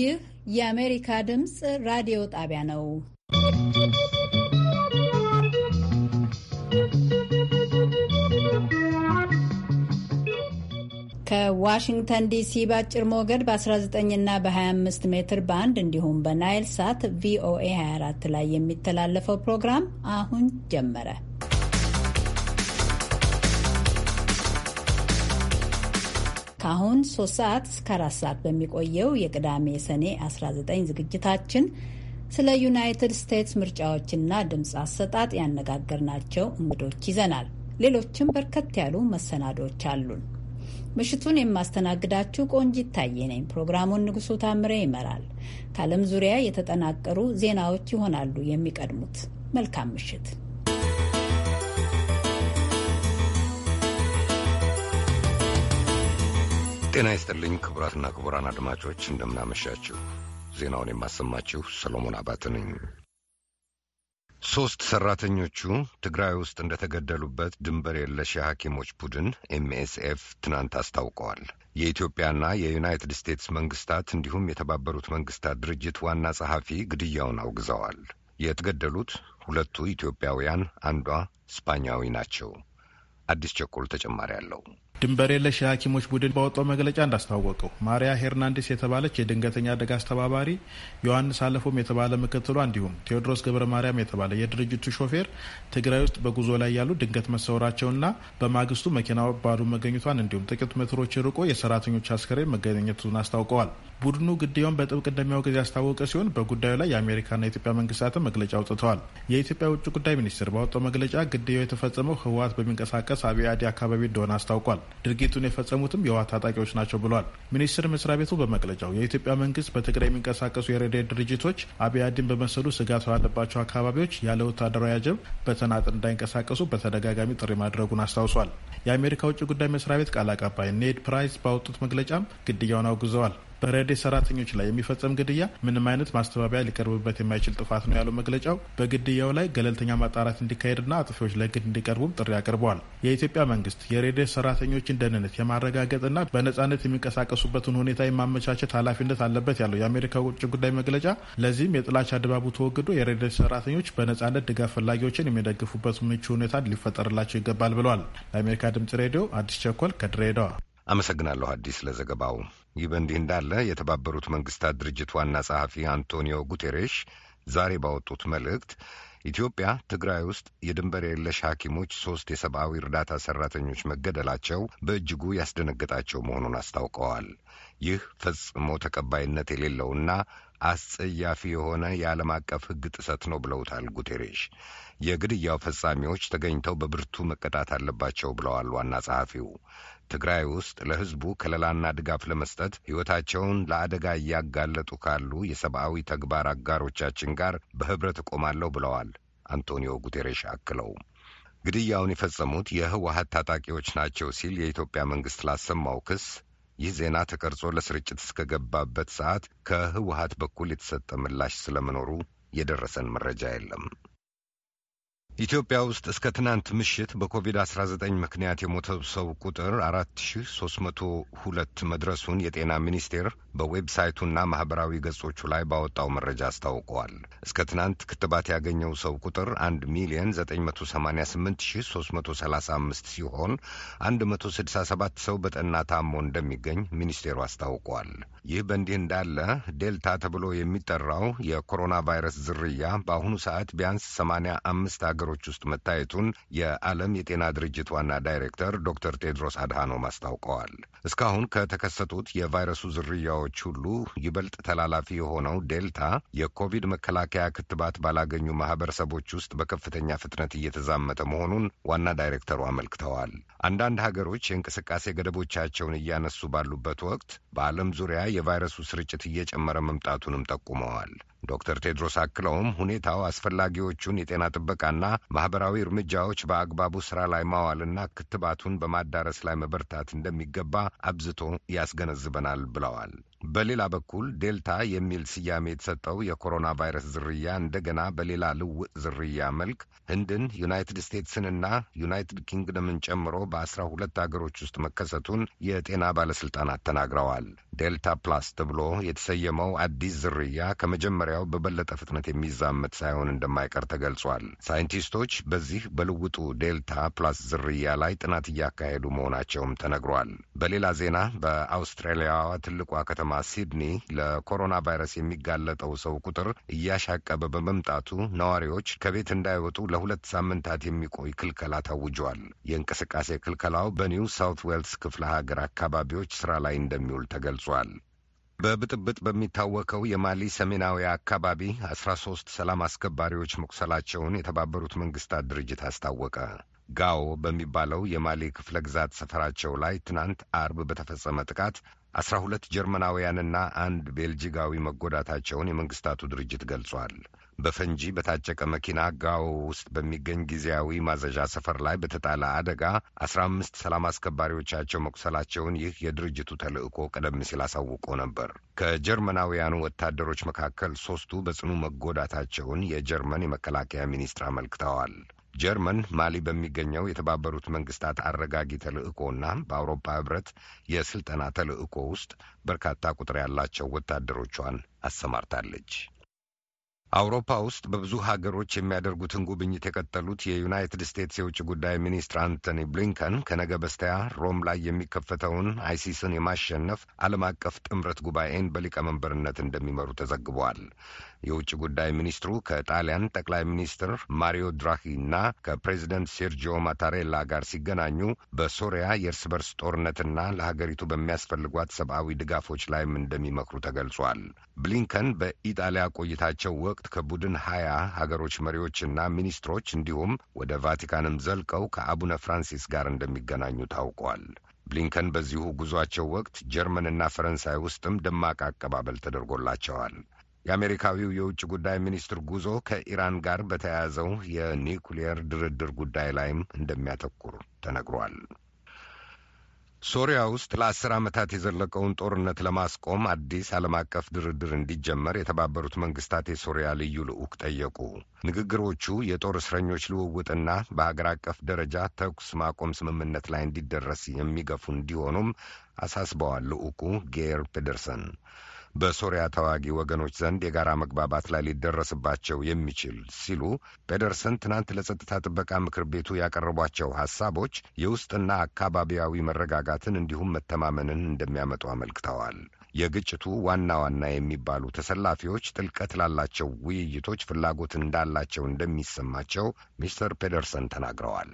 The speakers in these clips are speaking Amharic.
ይህ የአሜሪካ ድምፅ ራዲዮ ጣቢያ ነው። ከዋሽንግተን ዲሲ በአጭር ሞገድ በ19 እና በ25 ሜትር ባንድ እንዲሁም በናይል ሳት ቪኦኤ 24 ላይ የሚተላለፈው ፕሮግራም አሁን ጀመረ። ከአሁን ሶስት ሰዓት እስከ አራት ሰዓት በሚቆየው የቅዳሜ ሰኔ 19 ዝግጅታችን ስለ ዩናይትድ ስቴትስ ምርጫዎችና ድምፅ አሰጣጥ ያነጋገርናቸው እንግዶች ይዘናል። ሌሎችም በርከት ያሉ መሰናዶዎች አሉን። ምሽቱን የማስተናግዳችሁ ቆንጅ ይታየ ነኝ። ፕሮግራሙን ንጉሱ ታምሬ ይመራል። ከዓለም ዙሪያ የተጠናቀሩ ዜናዎች ይሆናሉ የሚቀድሙት። መልካም ምሽት። ጤና ይስጥልኝ ክቡራትና ክቡራን አድማጮች እንደምናመሻችሁ። ዜናውን የማሰማችሁ ሰሎሞን አባት ነኝ። ሦስት ሠራተኞቹ ትግራይ ውስጥ እንደተገደሉበት ድንበር የለሽ የሐኪሞች ቡድን ኤምኤስኤፍ ትናንት አስታውቀዋል። የኢትዮጵያና የዩናይትድ ስቴትስ መንግሥታት እንዲሁም የተባበሩት መንግሥታት ድርጅት ዋና ጸሐፊ ግድያውን አውግዘዋል። የተገደሉት ሁለቱ ኢትዮጵያውያን፣ አንዷ ስፓኛዊ ናቸው። አዲስ ቸኮል ተጨማሪ አለው። ድንበር የለሽ የሐኪሞች ቡድን ባወጣው መግለጫ እንዳስታወቀው ማሪያ ሄርናንዴስ የተባለች የድንገተኛ አደጋ አስተባባሪ፣ ዮሐንስ አለፎም የተባለ ምክትሏ፣ እንዲሁም ቴዎድሮስ ገብረ ማርያም የተባለ የድርጅቱ ሾፌር ትግራይ ውስጥ በጉዞ ላይ ያሉ ድንገት መሰወራቸውና በማግስቱ መኪና ባዶ መገኘቷን እንዲሁም ጥቂት ሜትሮች ርቆ የሰራተኞች አስከሬን መገኘቱን አስታውቀዋል። ቡድኑ ግድያውን በጥብቅ እንደሚያወግዝ ያስታወቀ ሲሆን በጉዳዩ ላይ የአሜሪካና የኢትዮጵያ መንግስታትም መግለጫ አውጥተዋል። የኢትዮጵያ ውጭ ጉዳይ ሚኒስትር ባወጣው መግለጫ ግድያው የተፈጸመው ህወሀት በሚንቀሳቀስ አብአዴ አዲ አካባቢ እንደሆነ አስታውቋል። ድርጊቱን የፈጸሙትም የውሃ ታጣቂዎች ናቸው ብሏል። ሚኒስቴር መስሪያ ቤቱ በመግለጫው የኢትዮጵያ መንግስት በትግራይ የሚንቀሳቀሱ የረድኤት ድርጅቶች አብያድን በመሰሉ ስጋት ባለባቸው አካባቢዎች ያለ ወታደራዊ አጀብ በተናጥን እንዳይንቀሳቀሱ በተደጋጋሚ ጥሪ ማድረጉን አስታውሷል። የአሜሪካ ውጭ ጉዳይ መስሪያ ቤት ቃል አቀባይ ኔድ ፕራይስ ባወጡት መግለጫም ግድያውን አውግዘዋል። በረዴ ሰራተኞች ላይ የሚፈጸም ግድያ ምንም አይነት ማስተባበያ ሊቀርብበት የማይችል ጥፋት ነው ያለው መግለጫው በግድያው ላይ ገለልተኛ ማጣራት እንዲካሄድና አጥፊዎች ለግድ እንዲቀርቡም ጥሪ አቅርበዋል። የኢትዮጵያ መንግስት የሬዴት ሰራተኞችን ደህንነት የማረጋገጥና በነጻነት የሚንቀሳቀሱበትን ሁኔታ የማመቻቸት ኃላፊነት አለበት ያለው የአሜሪካ ውጭ ጉዳይ መግለጫ ለዚህም የጥላቻ ድባቡ ተወግዶ የሬዴት ሰራተኞች በነጻነት ድጋፍ ፈላጊዎችን የሚደግፉበት ምቹ ሁኔታ ሊፈጠርላቸው ይገባል ብለዋል። ለአሜሪካ ድምጽ ሬዲዮ አዲስ ቸኮል ከድሬዳዋ አመሰግናለሁ። አዲስ ለዘገባው ይህ በእንዲህ እንዳለ የተባበሩት መንግስታት ድርጅት ዋና ጸሐፊ አንቶኒዮ ጉቴሬሽ ዛሬ ባወጡት መልእክት ኢትዮጵያ ትግራይ ውስጥ የድንበር የለሽ ሐኪሞች ሦስት የሰብአዊ እርዳታ ሠራተኞች መገደላቸው በእጅጉ ያስደነገጣቸው መሆኑን አስታውቀዋል። ይህ ፈጽሞ ተቀባይነት የሌለውና አስጸያፊ የሆነ የዓለም አቀፍ ሕግ ጥሰት ነው ብለውታል ጉቴሬሽ። የግድያው ፈጻሚዎች ተገኝተው በብርቱ መቀጣት አለባቸው ብለዋል ዋና ጸሐፊው። ትግራይ ውስጥ ለሕዝቡ ከለላና ድጋፍ ለመስጠት ሕይወታቸውን ለአደጋ እያጋለጡ ካሉ የሰብአዊ ተግባር አጋሮቻችን ጋር በኅብረት እቆማለሁ ብለዋል አንቶኒዮ ጉቴሬሽ አክለው። ግድያውን የፈጸሙት የህወሀት ታጣቂዎች ናቸው ሲል የኢትዮጵያ መንግስት ላሰማው ክስ ይህ ዜና ተቀርጾ ለስርጭት እስከገባበት ሰዓት ከህወሀት በኩል የተሰጠ ምላሽ ስለመኖሩ የደረሰን መረጃ የለም። ኢትዮጵያ ውስጥ እስከ ትናንት ምሽት በኮቪድ-19 ምክንያት የሞተው ሰው ቁጥር 4302 መድረሱን የጤና ሚኒስቴር በዌብሳይቱና ማኅበራዊ ገጾቹ ላይ ባወጣው መረጃ አስታውቀዋል። እስከ ትናንት ክትባት ያገኘው ሰው ቁጥር 1 ሚሊዮን 988335 ሲሆን 167 ሰው በጠና ታሞ እንደሚገኝ ሚኒስቴሩ አስታውቋል። ይህ በእንዲህ እንዳለ ዴልታ ተብሎ የሚጠራው የኮሮና ቫይረስ ዝርያ በአሁኑ ሰዓት ቢያንስ 85 አገሮች ሀገሮች ውስጥ መታየቱን የዓለም የጤና ድርጅት ዋና ዳይሬክተር ዶክተር ቴድሮስ አድሃኖም አስታውቀዋል። እስካሁን ከተከሰቱት የቫይረሱ ዝርያዎች ሁሉ ይበልጥ ተላላፊ የሆነው ዴልታ የኮቪድ መከላከያ ክትባት ባላገኙ ማህበረሰቦች ውስጥ በከፍተኛ ፍጥነት እየተዛመተ መሆኑን ዋና ዳይሬክተሩ አመልክተዋል። አንዳንድ ሀገሮች የእንቅስቃሴ ገደቦቻቸውን እያነሱ ባሉበት ወቅት በዓለም ዙሪያ የቫይረሱ ስርጭት እየጨመረ መምጣቱንም ጠቁመዋል። ዶክተር ቴድሮስ አክለውም ሁኔታው አስፈላጊዎቹን የጤና ጥበቃና ማኅበራዊ እርምጃዎች በአግባቡ ሥራ ላይ ማዋልና ክትባቱን በማዳረስ ላይ መበርታት እንደሚገባ አብዝቶ ያስገነዝበናል ብለዋል። በሌላ በኩል ዴልታ የሚል ስያሜ የተሰጠው የኮሮና ቫይረስ ዝርያ እንደገና በሌላ ልውጥ ዝርያ መልክ ህንድን፣ ዩናይትድ ስቴትስንና ዩናይትድ ኪንግደምን ጨምሮ በአስራ ሁለት አገሮች ውስጥ መከሰቱን የጤና ባለስልጣናት ተናግረዋል። ዴልታ ፕላስ ተብሎ የተሰየመው አዲስ ዝርያ ከመጀመሪያው በበለጠ ፍጥነት የሚዛመት ሳይሆን እንደማይቀር ተገልጿል። ሳይንቲስቶች በዚህ በልውጡ ዴልታ ፕላስ ዝርያ ላይ ጥናት እያካሄዱ መሆናቸውም ተነግሯል። በሌላ ዜና በአውስትራሊያዋ ትልቋ ከተማ ከተማ ሲድኒ ለኮሮና ቫይረስ የሚጋለጠው ሰው ቁጥር እያሻቀበ በመምጣቱ ነዋሪዎች ከቤት እንዳይወጡ ለሁለት ሳምንታት የሚቆይ ክልከላ ታውጇል። የእንቅስቃሴ ክልከላው በኒው ሳውት ዌልስ ክፍለ ሀገር አካባቢዎች ስራ ላይ እንደሚውል ተገልጿል። በብጥብጥ በሚታወቀው የማሊ ሰሜናዊ አካባቢ አስራ ሶስት ሰላም አስከባሪዎች መቁሰላቸውን የተባበሩት መንግስታት ድርጅት አስታወቀ። ጋዎ በሚባለው የማሊ ክፍለ ግዛት ሰፈራቸው ላይ ትናንት አርብ በተፈጸመ ጥቃት አስራ ሁለት ጀርመናውያንና አንድ ቤልጂጋዊ መጎዳታቸውን የመንግስታቱ ድርጅት ገልጿል። በፈንጂ በታጨቀ መኪና ጋው ውስጥ በሚገኝ ጊዜያዊ ማዘዣ ሰፈር ላይ በተጣለ አደጋ አስራ አምስት ሰላም አስከባሪዎቻቸው መቁሰላቸውን ይህ የድርጅቱ ተልዕኮ ቀደም ሲል አሳውቆ ነበር። ከጀርመናውያኑ ወታደሮች መካከል ሶስቱ በጽኑ መጎዳታቸውን የጀርመን የመከላከያ ሚኒስትር አመልክተዋል። ጀርመን ማሊ በሚገኘው የተባበሩት መንግስታት አረጋጊ ተልዕኮና በአውሮፓ ህብረት የስልጠና ተልዕኮ ውስጥ በርካታ ቁጥር ያላቸው ወታደሮቿን አሰማርታለች። አውሮፓ ውስጥ በብዙ ሀገሮች የሚያደርጉትን ጉብኝት የቀጠሉት የዩናይትድ ስቴትስ የውጭ ጉዳይ ሚኒስትር አንቶኒ ብሊንከን ከነገ በስቲያ ሮም ላይ የሚከፈተውን አይሲስን የማሸነፍ ዓለም አቀፍ ጥምረት ጉባኤን በሊቀመንበርነት እንደሚመሩ ተዘግቧል። የውጭ ጉዳይ ሚኒስትሩ ከጣሊያን ጠቅላይ ሚኒስትር ማሪዮ ድራሂ እና ከፕሬዚደንት ሴርጂዮ ማታሬላ ጋር ሲገናኙ በሶሪያ የእርስ በርስ ጦርነትና ለሀገሪቱ በሚያስፈልጓት ሰብአዊ ድጋፎች ላይም እንደሚመክሩ ተገልጿል። ብሊንከን በኢጣሊያ ቆይታቸው ወቅት ከቡድን ሀያ ሀገሮች መሪዎችና ሚኒስትሮች እንዲሁም ወደ ቫቲካንም ዘልቀው ከአቡነ ፍራንሲስ ጋር እንደሚገናኙ ታውቋል። ብሊንከን በዚሁ ጉዟቸው ወቅት ጀርመንና ፈረንሳይ ውስጥም ደማቅ አቀባበል ተደርጎላቸዋል። የአሜሪካዊው የውጭ ጉዳይ ሚኒስትር ጉዞ ከኢራን ጋር በተያያዘው የኒውክሊየር ድርድር ጉዳይ ላይም እንደሚያተኩር ተነግሯል። ሶሪያ ውስጥ ለአስር ዓመታት የዘለቀውን ጦርነት ለማስቆም አዲስ ዓለም አቀፍ ድርድር እንዲጀመር የተባበሩት መንግስታት የሶሪያ ልዩ ልዑክ ጠየቁ። ንግግሮቹ የጦር እስረኞች ልውውጥና በሀገር አቀፍ ደረጃ ተኩስ ማቆም ስምምነት ላይ እንዲደረስ የሚገፉ እንዲሆኑም አሳስበዋል። ልዑኩ ጌር ፔደርሰን በሶሪያ ተዋጊ ወገኖች ዘንድ የጋራ መግባባት ላይ ሊደረስባቸው የሚችል ሲሉ ፔደርሰን ትናንት ለጸጥታ ጥበቃ ምክር ቤቱ ያቀረቧቸው ሐሳቦች የውስጥና አካባቢያዊ መረጋጋትን እንዲሁም መተማመንን እንደሚያመጡ አመልክተዋል። የግጭቱ ዋና ዋና የሚባሉ ተሰላፊዎች ጥልቀት ላላቸው ውይይቶች ፍላጎት እንዳላቸው እንደሚሰማቸው ሚስተር ፔደርሰን ተናግረዋል።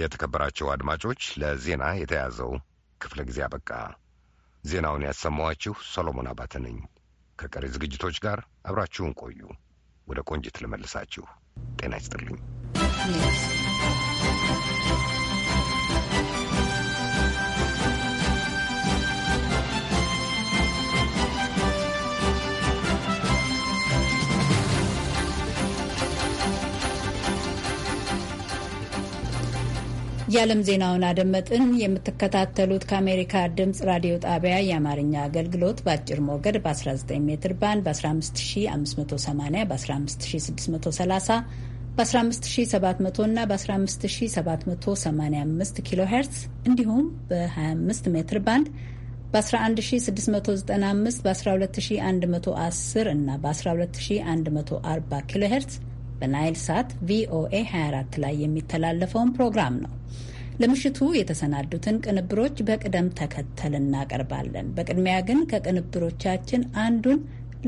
የተከበራቸው አድማጮች ለዜና የተያዘው ክፍለ ጊዜ አበቃ። ዜናውን ያሰማኋችሁ ሰሎሞን አባተ ነኝ። ከቀሪ ዝግጅቶች ጋር አብራችሁን ቆዩ። ወደ ቆንጅት ልመልሳችሁ። ጤና ይስጥልኝ። የዓለም ዜናውን አደመጥን። የምትከታተሉት ከአሜሪካ ድምፅ ራዲዮ ጣቢያ የአማርኛ አገልግሎት በአጭር ሞገድ በ19 ሜትር ባንድ በ15580 በ15630 በ15700 እና በ15785 ኪሎ ሄርትስ እንዲሁም በ25 ሜትር ባንድ በ11695 በ12110 እና በ12140 ኪሎ ሄርትስ በናይል ሳት ቪኦኤ 24 ላይ የሚተላለፈውን ፕሮግራም ነው። ለምሽቱ የተሰናዱትን ቅንብሮች በቅደም ተከተል እናቀርባለን። በቅድሚያ ግን ከቅንብሮቻችን አንዱን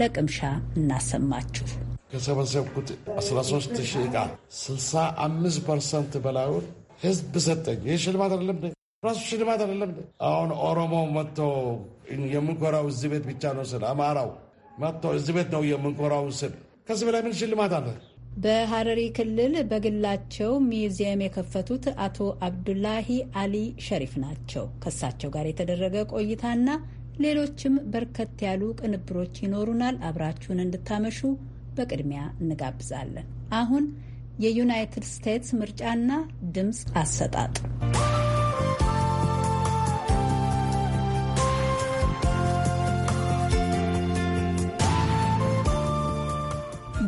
ለቅምሻ እናሰማችሁ። ከሰበሰብኩት 13 ሺህ 65 ፐርሰንት በላዩን ህዝብ ሰጠኝ። ይህ ሽልማት አይደለም፣ ራሱ ሽልማት አይደለም። አሁን ኦሮሞ መጥቶ የምንኮራው እዚህ ቤት ብቻ ነው ስል አማራው መጥቶ እዚህ ቤት ነው የምንኮራው ስል ከዚህ በላይ ምን ሽልማት አለ? በሐረሪ ክልል በግላቸው ሚውዚየም የከፈቱት አቶ አብዱላሂ አሊ ሸሪፍ ናቸው። ከእሳቸው ጋር የተደረገ ቆይታና ሌሎችም በርከት ያሉ ቅንብሮች ይኖሩናል። አብራችሁን እንድታመሹ በቅድሚያ እንጋብዛለን። አሁን የዩናይትድ ስቴትስ ምርጫና ድምፅ አሰጣጥ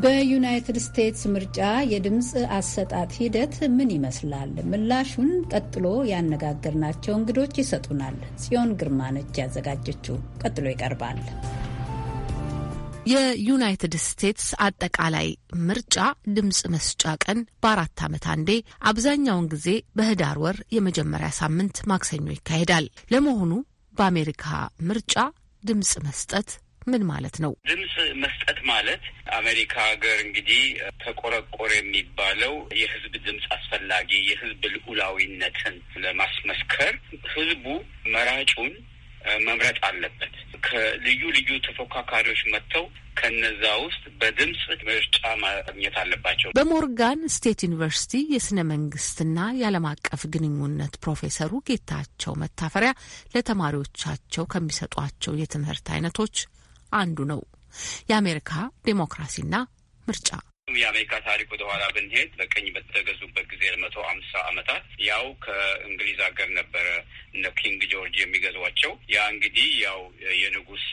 በዩናይትድ ስቴትስ ምርጫ የድምፅ አሰጣጥ ሂደት ምን ይመስላል? ምላሹን ቀጥሎ ያነጋገርናቸው እንግዶች ይሰጡናል። ጽዮን ግርማ ነች ያዘጋጀችው። ቀጥሎ ይቀርባል። የዩናይትድ ስቴትስ አጠቃላይ ምርጫ ድምፅ መስጫ ቀን በአራት ዓመት አንዴ አብዛኛውን ጊዜ በህዳር ወር የመጀመሪያ ሳምንት ማክሰኞ ይካሄዳል። ለመሆኑ በአሜሪካ ምርጫ ድምፅ መስጠት ምን ማለት ነው? ድምፅ መስጠት ማለት አሜሪካ ሀገር እንግዲህ ተቆረቆር የሚባለው የህዝብ ድምፅ አስፈላጊ የህዝብ ልዑላዊነትን ለማስመስከር ህዝቡ መራጩን መምረጥ አለበት። ከልዩ ልዩ ተፎካካሪዎች መጥተው ከነዛ ውስጥ በድምፅ ምርጫ ማግኘት አለባቸው። በሞርጋን ስቴት ዩኒቨርሲቲ የስነ መንግስትና የዓለም አቀፍ ግንኙነት ፕሮፌሰሩ ጌታቸው መታፈሪያ ለተማሪዎቻቸው ከሚሰጧቸው የትምህርት አይነቶች አንዱ ነው። የአሜሪካ ዴሞክራሲና ምርጫ የአሜሪካ ታሪክ ወደ ኋላ ብንሄድ በቀኝ በተገዙበት ጊዜ ለመቶ አምሳ አመታት ያው ከእንግሊዝ ሀገር ነበረ እነ ኪንግ ጆርጅ የሚገዟቸው። ያ እንግዲህ ያው የንጉስ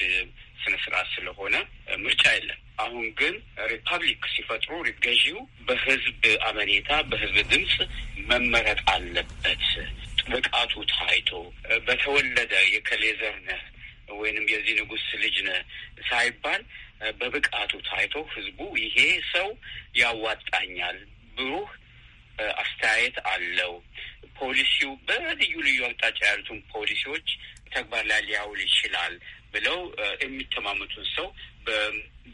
ስነ ስርዓት ስለሆነ ምርጫ የለም። አሁን ግን ሪፐብሊክ ሲፈጥሩ ገዢው በህዝብ አመኔታ በህዝብ ድምፅ መመረጥ አለበት። ብቃቱ ታይቶ በተወለደ የከሌ ዘር ነህ ወይንም የዚህ ንጉስ ልጅ ነህ ሳይባል በብቃቱ ታይቶ ህዝቡ ይሄ ሰው ያዋጣኛል፣ ብሩህ አስተያየት አለው፣ ፖሊሲው በልዩ ልዩ አቅጣጫ ያሉትን ፖሊሲዎች ተግባር ላይ ሊያውል ይችላል ብለው የሚተማመቱን ሰው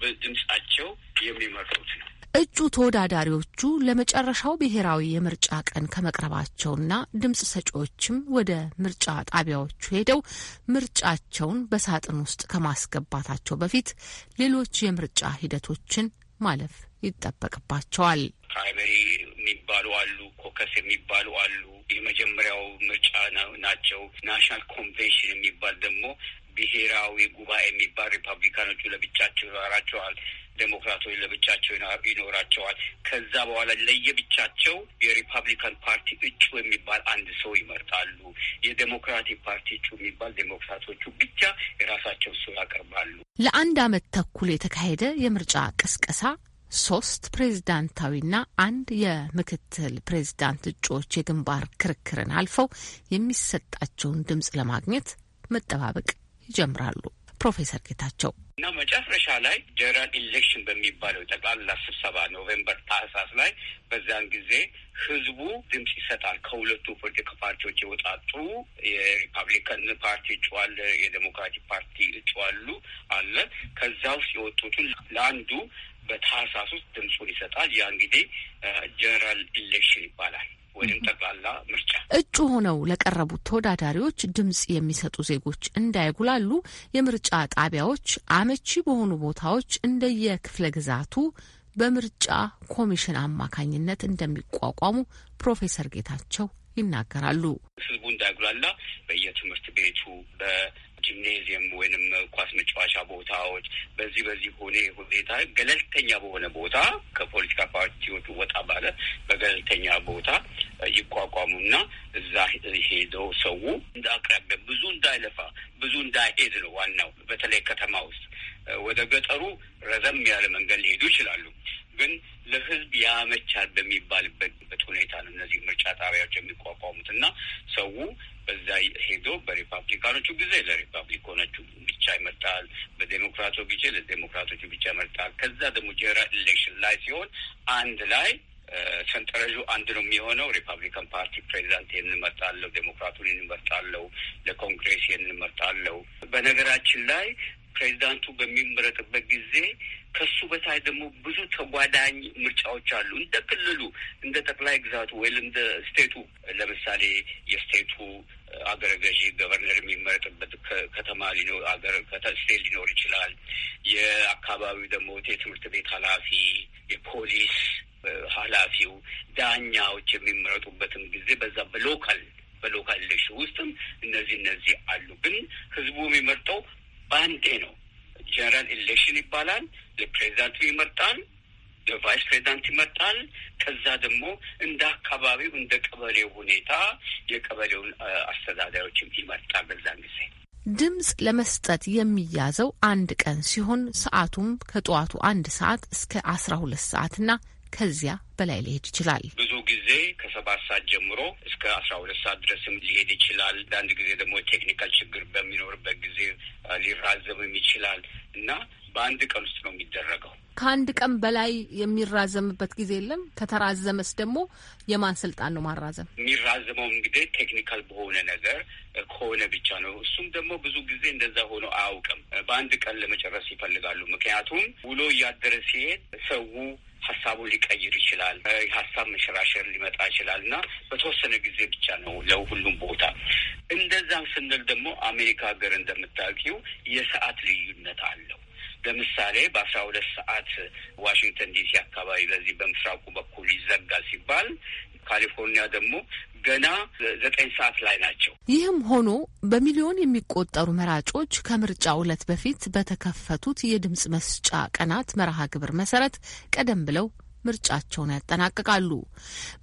በድምጻቸው የሚመርጡት ነው። እጩ ተወዳዳሪዎቹ ለመጨረሻው ብሔራዊ የምርጫ ቀን ከመቅረባቸውና ድምፅ ሰጪዎችም ወደ ምርጫ ጣቢያዎቹ ሄደው ምርጫቸውን በሳጥን ውስጥ ከማስገባታቸው በፊት ሌሎች የምርጫ ሂደቶችን ማለፍ ይጠበቅባቸዋል። ፕራይመሪ የሚባሉ አሉ፣ ኮከስ የሚባሉ አሉ። የመጀመሪያው ምርጫ ናቸው። ናሽናል ኮንቬንሽን የሚባል ደግሞ ብሔራዊ ጉባኤ የሚባል ሪፐብሊካኖቹ ለብቻቸው ይኖራቸዋል። ዴሞክራቶች ለብቻቸው ይኖራቸዋል። ከዛ በኋላ ለየብቻቸው የሪፐብሊካን ፓርቲ እጩ የሚባል አንድ ሰው ይመርጣሉ። የዴሞክራቲክ ፓርቲ እጩ የሚባል ዴሞክራቶቹ ብቻ የራሳቸው ሰው ያቀርባሉ። ለአንድ አመት ተኩል የተካሄደ የምርጫ ቅስቀሳ ሶስት ፕሬዝዳንታዊና አንድ የምክትል ፕሬዝዳንት እጩዎች የግንባር ክርክርን አልፈው የሚሰጣቸውን ድምጽ ለማግኘት መጠባበቅ ይጀምራሉ። ፕሮፌሰር ጌታቸው እና መጨረሻ ላይ ጀነራል ኢሌክሽን በሚባለው ጠቅላላ ስብሰባ ኖቬምበር ታህሳስ ላይ በዚያን ጊዜ ህዝቡ ድምፅ ይሰጣል። ከሁለቱ ፖለቲካ ፓርቲዎች የወጣጡ የሪፐብሊካን ፓርቲ እጩ አለ፣ የዴሞክራቲክ ፓርቲ እጩ አሉ አለ። ከዛ ውስጥ የወጡትን ለአንዱ በታህሳስ ውስጥ ድምፁን ይሰጣል። ያ እንግዲህ ጀነራል ኢሌክሽን ይባላል። ወይም ጠቅላላ ምርጫ እጩ ሆነው ለቀረቡት ተወዳዳሪዎች ድምጽ የሚሰጡ ዜጎች እንዳይጉላሉ የምርጫ ጣቢያዎች አመቺ በሆኑ ቦታዎች እንደየክፍለ ግዛቱ በምርጫ ኮሚሽን አማካኝነት እንደሚቋቋሙ ፕሮፌሰር ጌታቸው ይናገራሉ። ህዝቡ እንዳይጉላላ በየትምህርት ቤቱ ጂምኔዚየም ወይንም ኳስ መጫወቻ ቦታዎች በዚህ በዚህ ሆነ ሁኔታ ገለልተኛ በሆነ ቦታ ከፖለቲካ ፓርቲዎቹ ወጣ ባለ በገለልተኛ ቦታ ይቋቋሙና እዛ ሄደው ሰው እንደ አቅራቢያ ብዙ እንዳይለፋ ብዙ እንዳይሄድ ነው ዋናው። በተለይ ከተማ ውስጥ ወደ ገጠሩ ረዘም ያለ መንገድ ሊሄዱ ይችላሉ። ግን ለህዝብ ያመቻል በሚባልበት ሁኔታ ነው እነዚህ ምርጫ ጣቢያዎች የሚቋቋሙት እና ሰው በዛ ሄዶ በሪፐብሊካኖቹ ጊዜ ለሪፐብሊካኖቹ ብቻ ይመርጣል፣ በዴሞክራቶ ጊዜ ለዴሞክራቶቹ ብቻ ይመርጣል። ከዛ ደግሞ ጀነራል ኢሌክሽን ላይ ሲሆን አንድ ላይ ሰንጠረዡ አንድ ነው የሚሆነው። ሪፐብሊካን ፓርቲ ፕሬዚዳንት እመርጣለሁ፣ ዴሞክራቱን እመርጣለሁ፣ ለኮንግሬስ እመርጣለሁ። በነገራችን ላይ ፕሬዚዳንቱ በሚመረጥበት ጊዜ ከሱ በታይ ደግሞ ብዙ ተጓዳኝ ምርጫዎች አሉ። እንደ ክልሉ እንደ ጠቅላይ ግዛቱ ወይም እንደ ስቴቱ ለምሳሌ የስቴቱ አገረ ገዢ ገቨርነር የሚመረጥበት ከተማ ሊኖር አገር ስቴት ሊኖር ይችላል። የአካባቢው ደግሞ የትምህርት ቤት ኃላፊ፣ የፖሊስ ኃላፊው፣ ዳኛዎች የሚመረጡበትም ጊዜ በዛ በሎካል በሎካል ኢሌክሽን ውስጥም እነዚህ እነዚህ አሉ። ግን ህዝቡ የሚመርጠው ባንዴ ነው። ጀነራል ኢሌክሽን ይባላል። የፕሬዚዳንቱ ይመርጣል፣ የቫይስ ፕሬዚዳንት ይመርጣል። ከዛ ደግሞ እንደ አካባቢው እንደ ቀበሌው ሁኔታ የቀበሌውን አስተዳዳሪዎችም ይመርጣል። በዛን ጊዜ ድምፅ ለመስጠት የሚያዘው አንድ ቀን ሲሆን ሰዓቱም ከጠዋቱ አንድ ሰዓት እስከ አስራ ሁለት ሰዓትና ከዚያ በላይ ሊሄድ ይችላል። ብዙ ጊዜ ከሰባት ሰዓት ጀምሮ እስከ አስራ ሁለት ሰዓት ድረስም ሊሄድ ይችላል። አንዳንድ ጊዜ ደግሞ ቴክኒካል ችግር በሚኖርበት ጊዜ ሊራዘምም ይችላል እና በአንድ ቀን ውስጥ ነው የሚደረገው። ከአንድ ቀን በላይ የሚራዘምበት ጊዜ የለም። ከተራዘመስ ደግሞ የማን ስልጣን ነው ማራዘም? የሚራዘመው እንግዲህ ቴክኒካል በሆነ ነገር ከሆነ ብቻ ነው። እሱም ደግሞ ብዙ ጊዜ እንደዛ ሆኖ አያውቅም። በአንድ ቀን ለመጨረስ ይፈልጋሉ። ምክንያቱም ውሎ እያደረ ሲሄድ ሰው ሀሳቡን ሊቀይር ይችላል። ሀሳብ መሸራሸር ሊመጣ ይችላል እና በተወሰነ ጊዜ ብቻ ነው ለሁሉም ቦታ። እንደዛም ስንል ደግሞ አሜሪካ ሀገር እንደምታውቂው የሰዓት ልዩነት አለው። ለምሳሌ በአስራ ሁለት ሰዓት ዋሽንግተን ዲሲ አካባቢ በዚህ በምስራቁ በኩል ይዘጋል ሲባል ካሊፎርኒያ ደግሞ ገና ዘጠኝ ሰዓት ላይ ናቸው። ይህም ሆኖ በሚሊዮን የሚቆጠሩ መራጮች ከምርጫ ዕለት በፊት በተከፈቱት የድምፅ መስጫ ቀናት መርሃ ግብር መሰረት ቀደም ብለው ምርጫቸውን ያጠናቅቃሉ።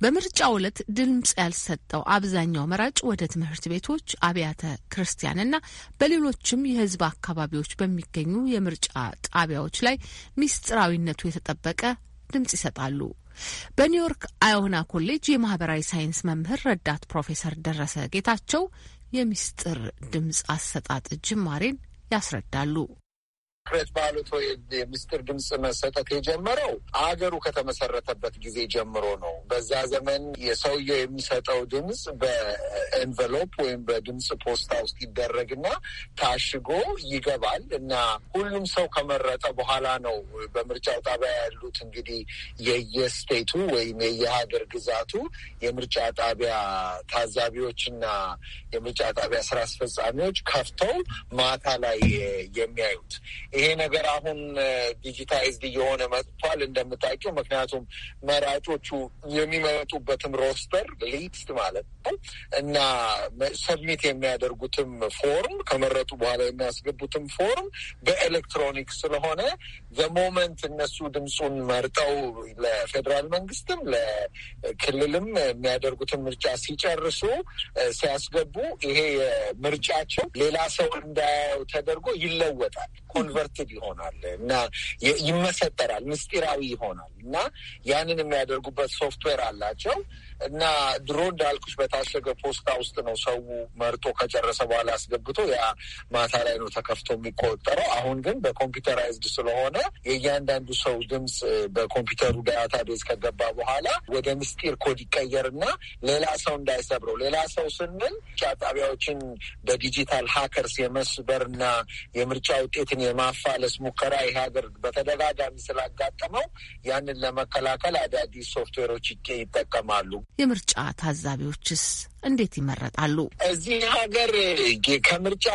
በምርጫው ዕለት ድምፅ ያልሰጠው አብዛኛው መራጭ ወደ ትምህርት ቤቶች፣ አብያተ ክርስቲያንና በሌሎችም የህዝብ አካባቢዎች በሚገኙ የምርጫ ጣቢያዎች ላይ ሚስጥራዊነቱ የተጠበቀ ድምፅ ይሰጣሉ። በኒውዮርክ አዮና ኮሌጅ የማህበራዊ ሳይንስ መምህር ረዳት ፕሮፌሰር ደረሰ ጌታቸው የሚስጥር ድምፅ አሰጣጥ ጅማሬን ያስረዳሉ። ሲክሬት ባሉት ወይ የምስጢር ድምፅ መሰጠት የጀመረው አገሩ ከተመሰረተበት ጊዜ ጀምሮ ነው። በዛ ዘመን የሰውየው የሚሰጠው ድምፅ በኤንቨሎፕ ወይም በድምፅ ፖስታ ውስጥ ይደረግና ታሽጎ ይገባል እና ሁሉም ሰው ከመረጠ በኋላ ነው በምርጫው ጣቢያ ያሉት እንግዲህ የየስቴቱ ወይም የየሀገር ግዛቱ የምርጫ ጣቢያ ታዛቢዎችና የምርጫ ጣቢያ ስራ አስፈጻሚዎች ከፍተው ማታ ላይ የሚያዩት። ይሄ ነገር አሁን ዲጂታይዝድ እየሆነ መጥቷል እንደምታውቂው። ምክንያቱም መራጮቹ የሚመጡበትም ሮስተር ሊስት ማለት ነው እና ሰብሚት የሚያደርጉትም ፎርም ከመረጡ በኋላ የሚያስገቡትም ፎርም በኤሌክትሮኒክ ስለሆነ ዘሞመንት እነሱ ድምፁን መርጠው ለፌዴራል መንግስትም ለክልልም የሚያደርጉትን ምርጫ ሲጨርሱ ሲያስገቡ ይሄ ምርጫቸው ሌላ ሰው እንዳያየው ተደርጎ ይለወጣል ኮንቨርት የሚያክል ይሆናል እና ይመሰጠራል፣ ምስጢራዊ ይሆናል እና ያንን የሚያደርጉበት ሶፍትዌር አላቸው። እና ድሮ እንዳልኩሽ በታሸገ ፖስታ ውስጥ ነው ሰው መርጦ ከጨረሰ በኋላ አስገብቶ ያ ማታ ላይ ነው ተከፍቶ የሚቆጠረው። አሁን ግን በኮምፒውተራይዝድ ስለሆነ የእያንዳንዱ ሰው ድምፅ በኮምፒውተሩ ቤዝ ከገባ በኋላ ወደ ምስጢር ኮድ ይቀየርና ሌላ ሰው እንዳይሰብረው ሌላ ሰው ስንል ጣቢያዎችን በዲጂታል ሀከርስ የመስበርና የምርጫ ውጤትን የማፋለስ ሙከራ ይህ ሀገር በተደጋጋሚ ስላጋጠመው ያንን ለመከላከል አዳዲስ ሶፍትዌሮች ይጠቀማሉ። የምርጫ ታዛቢዎችስ እንዴት ይመረጣሉ? እዚህ ሀገር ከምርጫ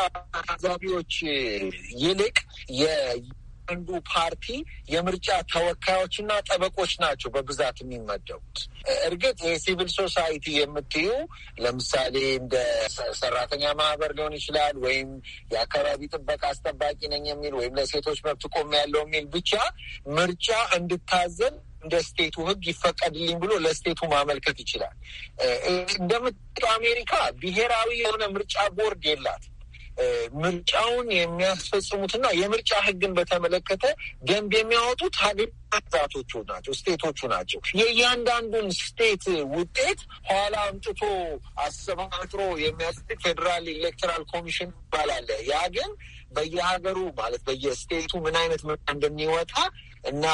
ታዛቢዎች ይልቅ አንዱ ፓርቲ የምርጫ ተወካዮችና ጠበቆች ናቸው በብዛት የሚመደቡት። እርግጥ የሲቪል ሶሳይቲ የምትዩ ለምሳሌ እንደ ሰራተኛ ማህበር ሊሆን ይችላል፣ ወይም የአካባቢ ጥበቃ አስጠባቂ ነኝ የሚል ወይም ለሴቶች መብት ያለው የሚል ብቻ ምርጫ እንድታዘን እንደ ስቴቱ ህግ ይፈቀድልኝ ብሎ ለስቴቱ ማመልከት ይችላል። እንደምታውቀው አሜሪካ ብሔራዊ የሆነ ምርጫ ቦርድ የላት ምርጫውን የሚያስፈጽሙትና የምርጫ ህግን በተመለከተ ደንብ የሚያወጡት ሀገር ግዛቶቹ ናቸው፣ ስቴቶቹ ናቸው። የእያንዳንዱን ስቴት ውጤት ኋላ አምጥቶ አሰባጥሮ የሚያስ ፌዴራል ኤሌክትራል ኮሚሽን ይባላል። ያ ግን በየሀገሩ ማለት በየስቴቱ ምን አይነት ምርጫ እንደሚወጣ እና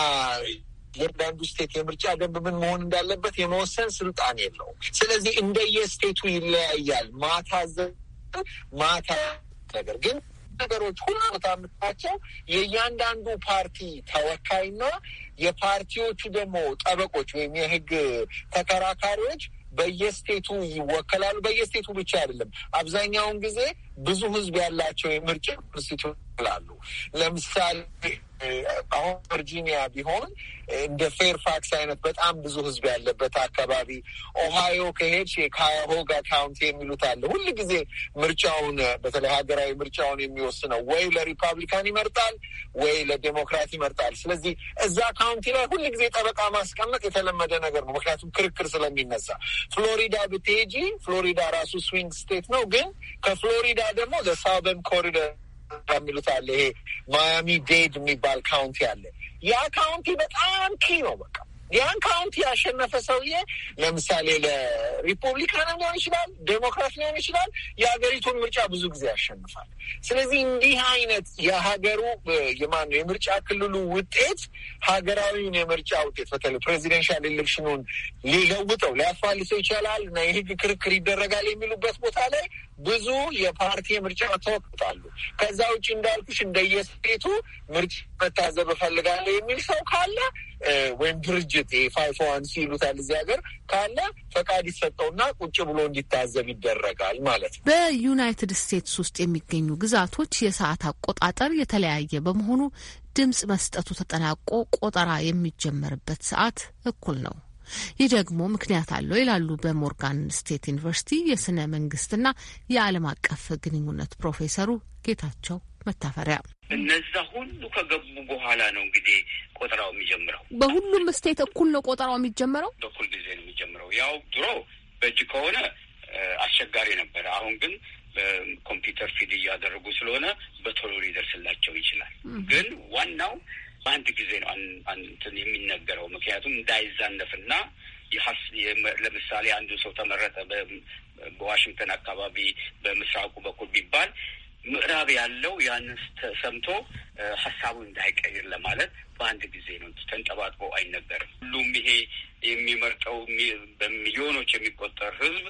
የአንዳንዱ ስቴት የምርጫ ደንብ ምን መሆን እንዳለበት የመወሰን ስልጣን የለውም። ስለዚህ እንደየስቴቱ ይለያያል። ማታ ዘ ማታ ነገር ግን ነገሮች ሁሉ ቦታ የምታቸው የእያንዳንዱ ፓርቲ ተወካይና የፓርቲዎቹ ደግሞ ጠበቆች ወይም የህግ ተከራካሪዎች በየስቴቱ ይወከላሉ። በየስቴቱ ብቻ አይደለም። አብዛኛውን ጊዜ ብዙ ህዝብ ያላቸው የምርጫ ኢንስቲትዩት ይላሉ። ለምሳሌ አሁን ቨርጂኒያ ቢሆን እንደ ፌርፋክስ አይነት በጣም ብዙ ህዝብ ያለበት አካባቢ፣ ኦሃዮ ከሄድሽ የካያሆጋ ካውንቲ የሚሉት አለ። ሁል ጊዜ ምርጫውን በተለይ ሀገራዊ ምርጫውን የሚወስነው ወይ ለሪፐብሊካን ይመርጣል ወይ ለዴሞክራት ይመርጣል። ስለዚህ እዛ ካውንቲ ላይ ሁል ጊዜ ጠበቃ ማስቀመጥ የተለመደ ነገር ነው፣ ምክንያቱም ክርክር ስለሚነሳ። ፍሎሪዳ ብትሄጂ፣ ፍሎሪዳ ራሱ ስዊንግ ስቴት ነው፣ ግን ከፍሎሪዳ ደግሞ ለሳውዘርን ኮሪደር የሚሉት አለ። ይሄ ማያሚ ዴድ የሚባል ካውንቲ አለ። ያ ካውንቲ በጣም ኪ ነው። በቃ ያን ካውንቲ ያሸነፈ ሰውዬ ለምሳሌ ለሪፐብሊካንም ሊሆን ይችላል፣ ዴሞክራት ሊሆን ይችላል፣ የሀገሪቱን ምርጫ ብዙ ጊዜ ያሸንፋል። ስለዚህ እንዲህ አይነት የሀገሩ የማነው የምርጫ ክልሉ ውጤት ሀገራዊውን የምርጫ ውጤት በተለይ ፕሬዚደንሻል ኤሌክሽኑን ሊለውጠው ሊያፋልሰው ይቻላል እና የህግ ክርክር ይደረጋል የሚሉበት ቦታ ላይ ብዙ የፓርቲ ምርጫ ተወቅታሉ። ከዛ ውጭ እንዳልኩሽ እንደየስቴቱ ምርጫ መታዘብ እፈልጋለሁ የሚል ሰው ካለ ወይም ድርጅት ፋይፎዋን ሲሉታል እዚህ ሀገር ካለ ፈቃድ ይሰጠውና ቁጭ ብሎ እንዲታዘብ ይደረጋል ማለት ነው። በዩናይትድ ስቴትስ ውስጥ የሚገኙ ግዛቶች የሰዓት አቆጣጠር የተለያየ በመሆኑ ድምጽ መስጠቱ ተጠናቆ ቆጠራ የሚጀመርበት ሰዓት እኩል ነው። ይህ ደግሞ ምክንያት አለው ይላሉ በሞርጋን ስቴት ዩኒቨርሲቲ የስነ መንግስትና የዓለም አቀፍ ግንኙነት ፕሮፌሰሩ ጌታቸው መታፈሪያ። እነዛ ሁሉ ከገቡ በኋላ ነው እንግዲህ ቆጠራው የሚጀምረው። በሁሉም ስቴት እኩል ነው ቆጠራው የሚጀምረው፣ በኩል ጊዜ ነው የሚጀምረው። ያው ድሮ በእጅ ከሆነ አስቸጋሪ ነበረ። አሁን ግን በኮምፒውተር ፊድ እያደረጉ ስለሆነ በቶሎ ሊደርስላቸው ይችላል። ግን ዋናው በአንድ ጊዜ ነው እንትን የሚነገረው። ምክንያቱም እንዳይዛነፍና ለምሳሌ አንዱ ሰው ተመረጠ በዋሽንግተን አካባቢ በምስራቁ በኩል ቢባል ምዕራብ ያለው ያንን ተሰምቶ ሀሳቡን እንዳይቀይር ለማለት በአንድ ጊዜ ነው። ተንጠባጥቦ አይነገርም። ሁሉም ይሄ የሚመርጠው በሚሊዮኖች የሚቆጠር ህዝብ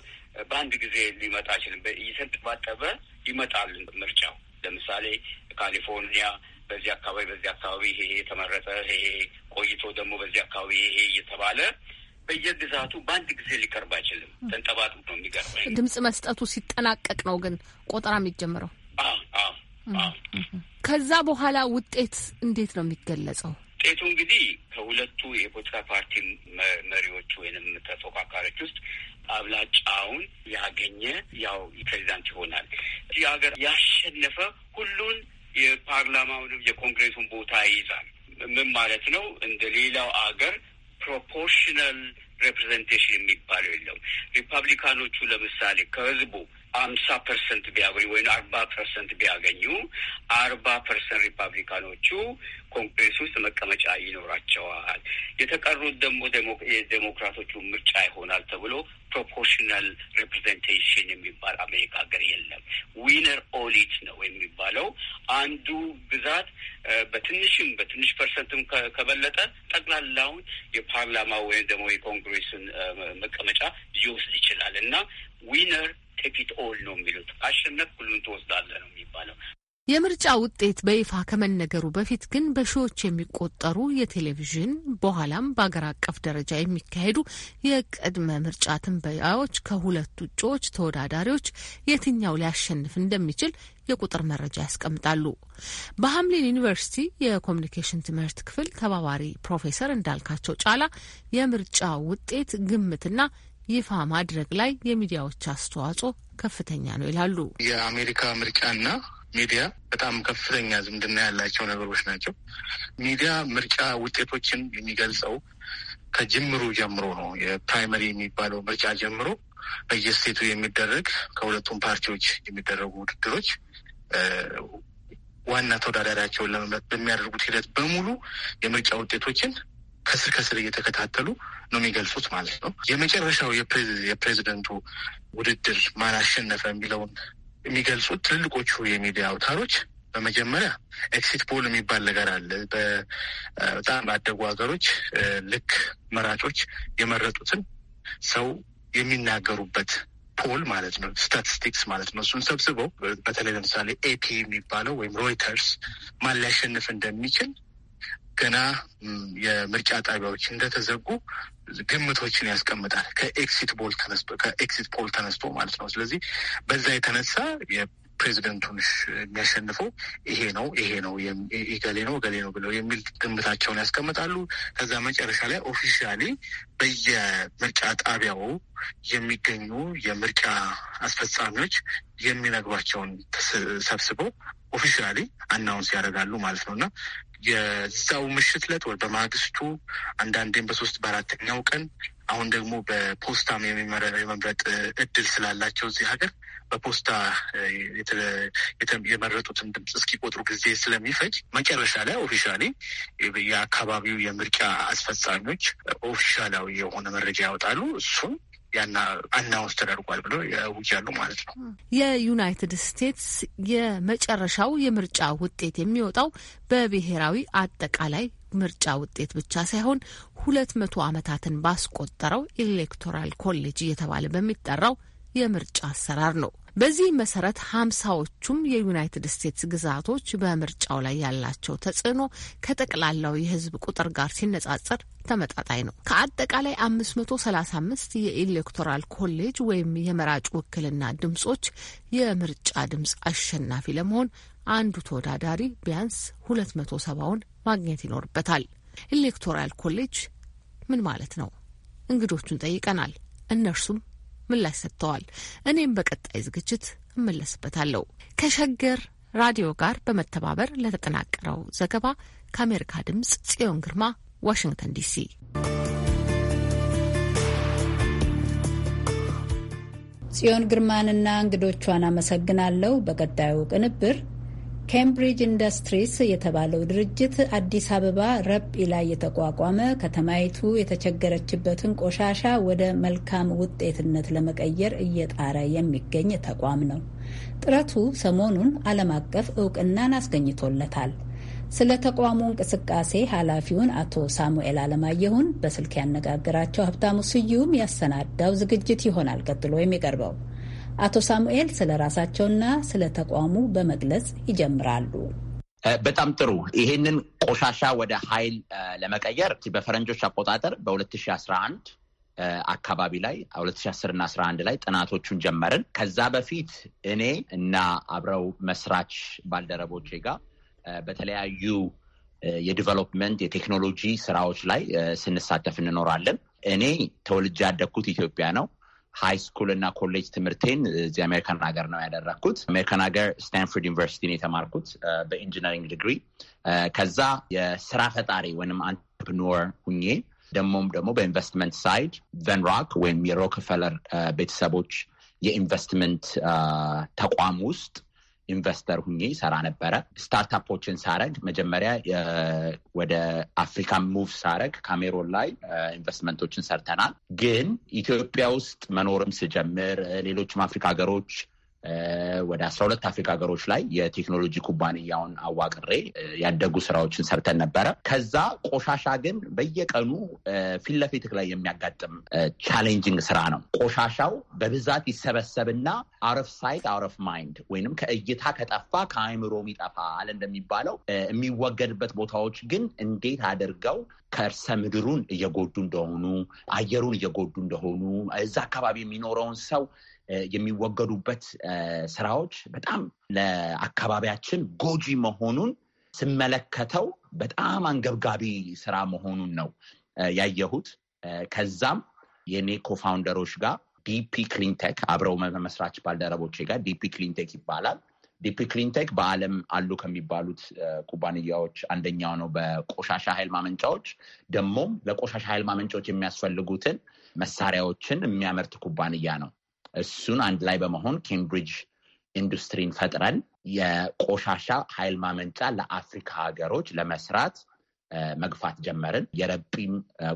በአንድ ጊዜ ሊመጣ አይችልም። እየተንጠባጠበ ይመጣል ምርጫው። ለምሳሌ ካሊፎርኒያ በዚህ አካባቢ በዚህ አካባቢ ይሄ የተመረጠ ይሄ ቆይቶ ደግሞ በዚህ አካባቢ ይሄ እየተባለ በየግዛቱ በአንድ ጊዜ ሊቀርብ አይችልም። ተንጠባጥ ነው የሚቀርብ ድምጽ መስጠቱ ሲጠናቀቅ ነው ግን ቆጠራ የሚጀምረው። ከዛ በኋላ ውጤት እንዴት ነው የሚገለጸው? ውጤቱ እንግዲህ ከሁለቱ የፖለቲካ ፓርቲ መሪዎች ወይንም ተፎካካሪዎች ውስጥ አብላጫውን ያገኘ ያው ፕሬዚዳንት ይሆናል። እዚህ ሀገር ያሸነፈ ሁሉን የፓርላማውንም የኮንግሬሱን ቦታ ይይዛል። ምን ማለት ነው? እንደ ሌላው አገር ፕሮፖርሽናል ሬፕሬዘንቴሽን የሚባለው የለውም። ሪፐብሊካኖቹ ለምሳሌ ከህዝቡ አምሳ ፐርሰንት ቢያገኙ ወይም አርባ ፐርሰንት ቢያገኙ አርባ ፐርሰንት ሪፐብሊካኖቹ ኮንግሬስ ውስጥ መቀመጫ ይኖራቸዋል። የተቀሩት ደግሞ የዴሞክራቶቹ ምርጫ ይሆናል ተብሎ ፕሮፖርሽናል ሪፕሬዘንቴሽን የሚባል አሜሪካ ሀገር የለም። ዊነር ኦሊት ነው የሚባለው። አንዱ ግዛት በትንሽም በትንሽ ፐርሰንትም ከበለጠ ጠቅላላውን የፓርላማ ወይም ደግሞ የኮንግሬስን መቀመጫ ሊወስድ ይችላል እና ዊነር ቴክ ኢት ኦል ነው የሚሉት። አሸነፍ ሁሉን ትወስዳለህ ነው የምርጫ ውጤት በይፋ ከመነገሩ በፊት ግን በሺዎች የሚቆጠሩ የቴሌቪዥን በኋላም በአገር አቀፍ ደረጃ የሚካሄዱ የቅድመ ምርጫ ትንበያዎች ከሁለቱ እጩዎች ተወዳዳሪዎች የትኛው ሊያሸንፍ እንደሚችል የቁጥር መረጃ ያስቀምጣሉ። በሀምሊን ዩኒቨርሲቲ የኮሚኒኬሽን ትምህርት ክፍል ተባባሪ ፕሮፌሰር እንዳልካቸው ጫላ የምርጫ ውጤት ግምትና ይፋ ማድረግ ላይ የሚዲያዎች አስተዋጽኦ ከፍተኛ ነው ይላሉ። የአሜሪካ ምርጫና ሚዲያ በጣም ከፍተኛ ዝምድና ያላቸው ነገሮች ናቸው። ሚዲያ ምርጫ ውጤቶችን የሚገልጸው ከጅምሩ ጀምሮ ነው። የፕራይመሪ የሚባለው ምርጫ ጀምሮ በየስቴቱ የሚደረግ ከሁለቱም ፓርቲዎች የሚደረጉ ውድድሮች ዋና ተወዳዳሪያቸውን ለመምረጥ በሚያደርጉት ሂደት በሙሉ የምርጫ ውጤቶችን ከስር ከስር እየተከታተሉ ነው የሚገልጹት ማለት ነው። የመጨረሻው የፕሬዚደንቱ ውድድር ማን አሸነፈ የሚለውን የሚገልጹት ትልልቆቹ የሚዲያ አውታሮች በመጀመሪያ ኤክሲት ፖል የሚባል ነገር አለ። በጣም ባደጉ ሀገሮች ልክ መራጮች የመረጡትን ሰው የሚናገሩበት ፖል ማለት ነው፣ ስታቲስቲክስ ማለት ነው። እሱን ሰብስበው በተለይ ለምሳሌ ኤፒ የሚባለው ወይም ሮይተርስ ማን ሊያሸንፍ እንደሚችል ገና የምርጫ ጣቢያዎች እንደተዘጉ ግምቶችን ያስቀምጣል። ከኤክሲት ቦል ተነስቶ ከኤክሲት ፖል ተነስቶ ማለት ነው። ስለዚህ በዛ የተነሳ የፕሬዚደንቱን የሚያሸንፈው ይሄ ነው ይሄ ነው ገሌ ነው ገሌ ነው ብለው የሚል ግምታቸውን ያስቀምጣሉ። ከዛ መጨረሻ ላይ ኦፊሻሊ በየምርጫ ጣቢያው የሚገኙ የምርጫ አስፈጻሚዎች የሚነግሯቸውን ሰብስበው ኦፊሻሊ አናውንስ ያደርጋሉ ማለት ነው እና የዛው ምሽት ለት ወይ በማግስቱ አንዳንዴም በሶስት በአራተኛው ቀን አሁን ደግሞ በፖስታም የመምረጥ እድል ስላላቸው እዚህ ሀገር በፖስታ የመረጡትን ድምፅ እስኪቆጥሩ ጊዜ ስለሚፈጅ መጨረሻ ላይ ኦፊሻሊ የአካባቢው የምርጫ አስፈጻሚዎች ኦፊሻላዊ የሆነ መረጃ ያወጣሉ። እሱም ያና አናውንስ ተደርጓል ብሎ ያውጃሉ ማለት ነው። የዩናይትድ ስቴትስ የመጨረሻው የምርጫ ውጤት የሚወጣው በብሔራዊ አጠቃላይ ምርጫ ውጤት ብቻ ሳይሆን ሁለት መቶ ዓመታትን ባስቆጠረው ኤሌክቶራል ኮሌጅ እየተባለ በሚጠራው የምርጫ አሰራር ነው። በዚህ መሰረት ሀምሳዎቹም የዩናይትድ ስቴትስ ግዛቶች በምርጫው ላይ ያላቸው ተጽዕኖ ከጠቅላላው የህዝብ ቁጥር ጋር ሲነጻጸር ተመጣጣኝ ነው። ከአጠቃላይ 535 የኤሌክቶራል ኮሌጅ ወይም የመራጭ ውክልና ድምጾች የምርጫ ድምፅ አሸናፊ ለመሆን አንዱ ተወዳዳሪ ቢያንስ 270ውን ማግኘት ይኖርበታል። ኤሌክቶራል ኮሌጅ ምን ማለት ነው? እንግዶቹን ጠይቀናል። እነርሱም ምላሽ ሰጥተዋል። እኔም በቀጣይ ዝግጅት እመለስበታለሁ። ከሸገር ራዲዮ ጋር በመተባበር ለተጠናቀረው ዘገባ ከአሜሪካ ድምጽ ጽዮን ግርማ ዋሽንግተን ዲሲ። ጽዮን ግርማንና እንግዶቿን አመሰግናለሁ። በቀጣዩ ቅንብር ኬምብሪጅ ኢንዱስትሪስ የተባለው ድርጅት አዲስ አበባ ረጲ ላይ የተቋቋመ ከተማይቱ የተቸገረችበትን ቆሻሻ ወደ መልካም ውጤትነት ለመቀየር እየጣረ የሚገኝ ተቋም ነው። ጥረቱ ሰሞኑን ዓለም አቀፍ እውቅናን አስገኝቶለታል። ስለ ተቋሙ እንቅስቃሴ ኃላፊውን አቶ ሳሙኤል አለማየሁን በስልክ ያነጋገራቸው ሀብታሙ ስዩም ያሰናዳው ዝግጅት ይሆናል ቀጥሎ የሚቀርበው። አቶ ሳሙኤል ስለ ራሳቸውና ስለ ተቋሙ በመግለጽ ይጀምራሉ። በጣም ጥሩ። ይሄንን ቆሻሻ ወደ ኃይል ለመቀየር በፈረንጆች አቆጣጠር በ2011 አካባቢ ላይ 2010 እና 11 ላይ ጥናቶቹን ጀመርን። ከዛ በፊት እኔ እና አብረው መስራች ባልደረቦቼ ጋር በተለያዩ የዲቨሎፕመንት የቴክኖሎጂ ስራዎች ላይ ስንሳተፍ እንኖራለን። እኔ ተወልጄ ያደግኩት ኢትዮጵያ ነው። ሀይ ስኩል እና ኮሌጅ ትምህርቴን እዚህ አሜሪካን ሀገር ነው ያደረግኩት። አሜሪካን ሀገር ስታንፎርድ ዩኒቨርሲቲን የተማርኩት በኢንጂነሪንግ ዲግሪ። ከዛ የስራ ፈጣሪ ወይም አንትርፕኖር ሁኜ ደግሞም ደግሞ በኢንቨስትመንት ሳይድ ቨንሮክ ወይም የሮክፈለር ቤተሰቦች የኢንቨስትመንት ተቋም ውስጥ ኢንቨስተር ሁኜ ሰራ ነበረ። ስታርታፖችን ሳረግ መጀመሪያ ወደ አፍሪካ ሙቭ ሳረግ ካሜሮን ላይ ኢንቨስትመንቶችን ሰርተናል። ግን ኢትዮጵያ ውስጥ መኖርም ስጀምር ሌሎችም አፍሪካ ሀገሮች ወደ አስራ ሁለት አፍሪካ ሀገሮች ላይ የቴክኖሎጂ ኩባንያውን አዋቅሬ ያደጉ ስራዎችን ሰርተን ነበረ። ከዛ ቆሻሻ ግን በየቀኑ ፊት ለፊትህ ላይ የሚያጋጥም ቻሌንጂንግ ስራ ነው። ቆሻሻው በብዛት ይሰበሰብና አረፍ ሳይት አረፍ ማይንድ ወይንም ከእይታ ከጠፋ ከአእምሮ ይጠፋል እንደሚባለው የሚወገድበት ቦታዎች ግን እንዴት አድርገው ከእርሰ ምድሩን እየጎዱ እንደሆኑ፣ አየሩን እየጎዱ እንደሆኑ፣ እዛ አካባቢ የሚኖረውን ሰው የሚወገዱበት ስራዎች በጣም ለአካባቢያችን ጎጂ መሆኑን ስመለከተው በጣም አንገብጋቢ ስራ መሆኑን ነው ያየሁት። ከዛም የኔ ኮፋውንደሮች ጋር ዲፒ ክሊንቴክ አብረው መመስራች ባልደረቦቼ ጋር ዲፒ ክሊንቴክ ይባላል። ዲፒ ክሊንቴክ በዓለም አሉ ከሚባሉት ኩባንያዎች አንደኛው ነው። በቆሻሻ ኃይል ማመንጫዎች ደግሞም ለቆሻሻ ኃይል ማመንጫዎች የሚያስፈልጉትን መሳሪያዎችን የሚያመርት ኩባንያ ነው። እሱን አንድ ላይ በመሆን ኬምብሪጅ ኢንዱስትሪን ፈጥረን የቆሻሻ ኃይል ማመንጫ ለአፍሪካ ሀገሮች ለመስራት መግፋት ጀመርን። የረጲም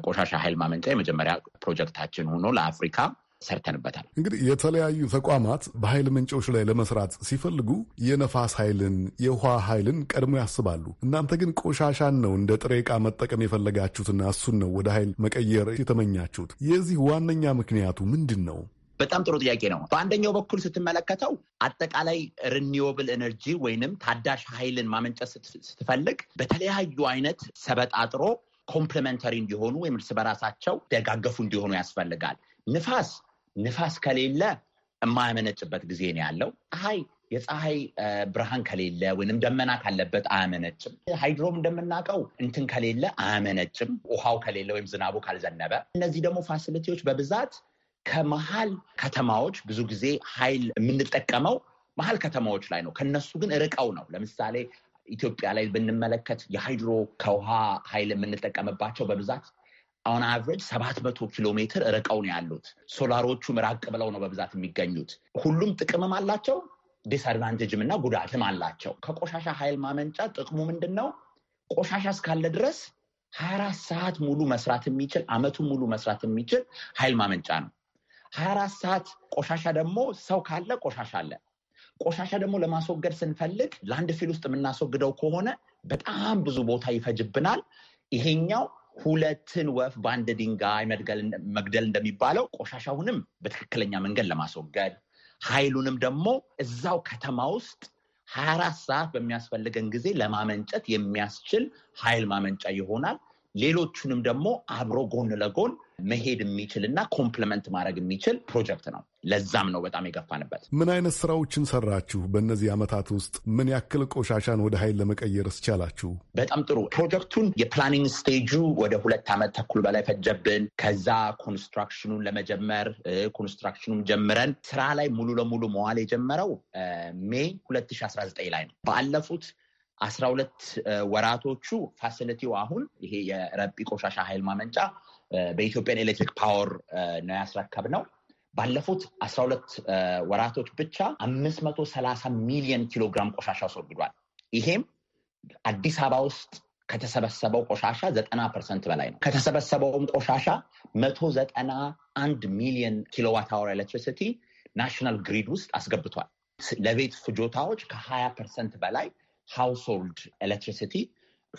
ቆሻሻ ኃይል ማመንጫ የመጀመሪያ ፕሮጀክታችን ሆኖ ለአፍሪካ ሰርተንበታል። እንግዲህ የተለያዩ ተቋማት በኃይል ምንጮች ላይ ለመስራት ሲፈልጉ የነፋስ ኃይልን፣ የውሃ ኃይልን ቀድሞ ያስባሉ። እናንተ ግን ቆሻሻን ነው እንደ ጥሬ ዕቃ መጠቀም የፈለጋችሁትና እሱን ነው ወደ ኃይል መቀየር የተመኛችሁት። የዚህ ዋነኛ ምክንያቱ ምንድን ነው? በጣም ጥሩ ጥያቄ ነው። በአንደኛው በኩል ስትመለከተው አጠቃላይ ሪኒዌብል ኤነርጂ ወይንም ታዳሽ ኃይልን ማመንጨት ስትፈልግ በተለያዩ አይነት ሰበጣጥሮ ኮምፕሊመንተሪ እንዲሆኑ ወይም እርስ በራሳቸው ደጋገፉ እንዲሆኑ ያስፈልጋል። ንፋስ ንፋስ ከሌለ የማያመነጭበት ጊዜ ነው ያለው። ፀሐይ የፀሐይ ብርሃን ከሌለ ወይም ደመና ካለበት አያመነጭም። ሃይድሮም እንደምናውቀው እንትን ከሌለ አያመነጭም፣ ውሃው ከሌለ ወይም ዝናቡ ካልዘነበ። እነዚህ ደግሞ ፋሲሊቲዎች በብዛት ከመሀል ከተማዎች ብዙ ጊዜ ኃይል የምንጠቀመው መሀል ከተማዎች ላይ ነው። ከነሱ ግን ርቀው ነው። ለምሳሌ ኢትዮጵያ ላይ ብንመለከት የሃይድሮ ከውሃ ኃይል የምንጠቀምባቸው በብዛት አሁን አቨሬጅ ሰባት መቶ ኪሎ ሜትር ርቀው ነው ያሉት። ሶላሮቹም ራቅ ብለው ነው በብዛት የሚገኙት። ሁሉም ጥቅምም አላቸው፣ ዲስአድቫንቴጅም እና ጉዳትም አላቸው። ከቆሻሻ ኃይል ማመንጫ ጥቅሙ ምንድን ነው? ቆሻሻ እስካለ ድረስ ሀያ አራት ሰዓት ሙሉ መስራት የሚችል አመቱን ሙሉ መስራት የሚችል ኃይል ማመንጫ ነው። ሀያ አራት ሰዓት ቆሻሻ ደግሞ ሰው ካለ ቆሻሻ አለ። ቆሻሻ ደግሞ ለማስወገድ ስንፈልግ ለአንድ ፊል ውስጥ የምናስወግደው ከሆነ በጣም ብዙ ቦታ ይፈጅብናል። ይሄኛው ሁለትን ወፍ በአንድ ድንጋይ መግደል እንደሚባለው ቆሻሻውንም በትክክለኛ መንገድ ለማስወገድ ኃይሉንም ደግሞ እዛው ከተማ ውስጥ ሀያ አራት ሰዓት በሚያስፈልገን ጊዜ ለማመንጨት የሚያስችል ኃይል ማመንጫ ይሆናል። ሌሎቹንም ደግሞ አብሮ ጎን ለጎን መሄድ የሚችል እና ኮምፕለመንት ማድረግ የሚችል ፕሮጀክት ነው። ለዛም ነው በጣም የገፋንበት። ምን አይነት ስራዎችን ሰራችሁ? በእነዚህ ዓመታት ውስጥ ምን ያክል ቆሻሻን ወደ ኃይል ለመቀየር እስቻላችሁ? በጣም ጥሩ። ፕሮጀክቱን የፕላኒንግ ስቴጁ ወደ ሁለት ዓመት ተኩል በላይ ፈጀብን። ከዛ ኮንስትራክሽኑን ለመጀመር ኮንስትራክሽኑን ጀምረን ስራ ላይ ሙሉ ለሙሉ መዋል የጀመረው ሜይ 2019 ላይ ነው። ባለፉት አስራ ሁለት ወራቶቹ ፋሲሊቲው አሁን ይሄ የረጲ ቆሻሻ ኃይል ማመንጫ በኢትዮጵያን ኤሌክትሪክ ፓወር ነው ያስረከብ ነው። ባለፉት አስራ ሁለት ወራቶች ብቻ አምስት መቶ ሰላሳ ሚሊዮን ኪሎግራም ቆሻሻ አስወግዷል። ይሄም አዲስ አበባ ውስጥ ከተሰበሰበው ቆሻሻ ዘጠና ፐርሰንት በላይ ነው። ከተሰበሰበውም ቆሻሻ መቶ ዘጠና አንድ ሚሊዮን ኪሎዋት አወር ኤሌክትሪሲቲ ናሽናል ግሪድ ውስጥ አስገብቷል። ለቤት ፍጆታዎች ከሀያ ፐርሰንት በላይ ሃውስሆልድ ኤሌክትሪሲቲ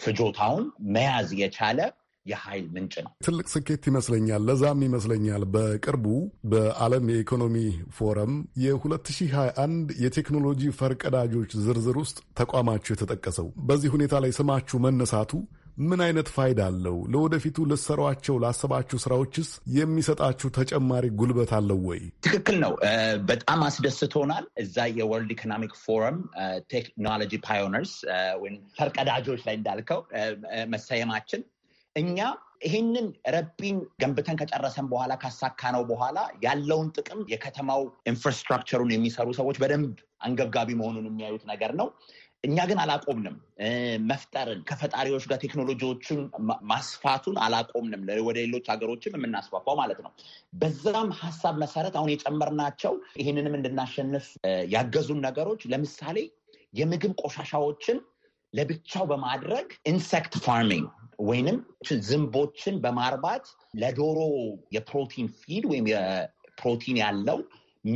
ፍጆታውን መያዝ የቻለ የኃይል ምንጭ ነው። ትልቅ ስኬት ይመስለኛል። ለዛም ይመስለኛል በቅርቡ በዓለም የኢኮኖሚ ፎረም የ2021 የቴክኖሎጂ ፈርቀዳጆች ዝርዝር ውስጥ ተቋማችሁ የተጠቀሰው። በዚህ ሁኔታ ላይ ስማችሁ መነሳቱ ምን አይነት ፋይዳ አለው? ለወደፊቱ ልትሰሯቸው ላሰባችሁ ስራዎችስ የሚሰጣችሁ ተጨማሪ ጉልበት አለው ወይ? ትክክል ነው። በጣም አስደስቶናል። እዛ የወርልድ ኢኮኖሚክ ፎረም ቴክኖሎጂ ፓዮነርስ ወይም ፈርቀዳጆች ላይ እንዳልከው መሰየማችን እኛ ይህንን ረጲን ገንብተን ከጨረሰን በኋላ ካሳካ ነው በኋላ ያለውን ጥቅም የከተማው ኢንፍራስትራክቸሩን የሚሰሩ ሰዎች በደንብ አንገብጋቢ መሆኑን የሚያዩት ነገር ነው። እኛ ግን አላቆምንም። መፍጠርን ከፈጣሪዎች ጋር ቴክኖሎጂዎችን ማስፋቱን አላቆምንም። ወደ ሌሎች ሀገሮችም የምናስፋፋው ማለት ነው። በዛም ሀሳብ መሰረት አሁን የጨመርናቸው ይህንንም እንድናሸንፍ ያገዙን ነገሮች ለምሳሌ የምግብ ቆሻሻዎችን ለብቻው በማድረግ ኢንሴክት ፋርሚንግ ወይንም ዝንቦችን በማርባት ለዶሮ የፕሮቲን ፊድ ወይም የፕሮቲን ያለው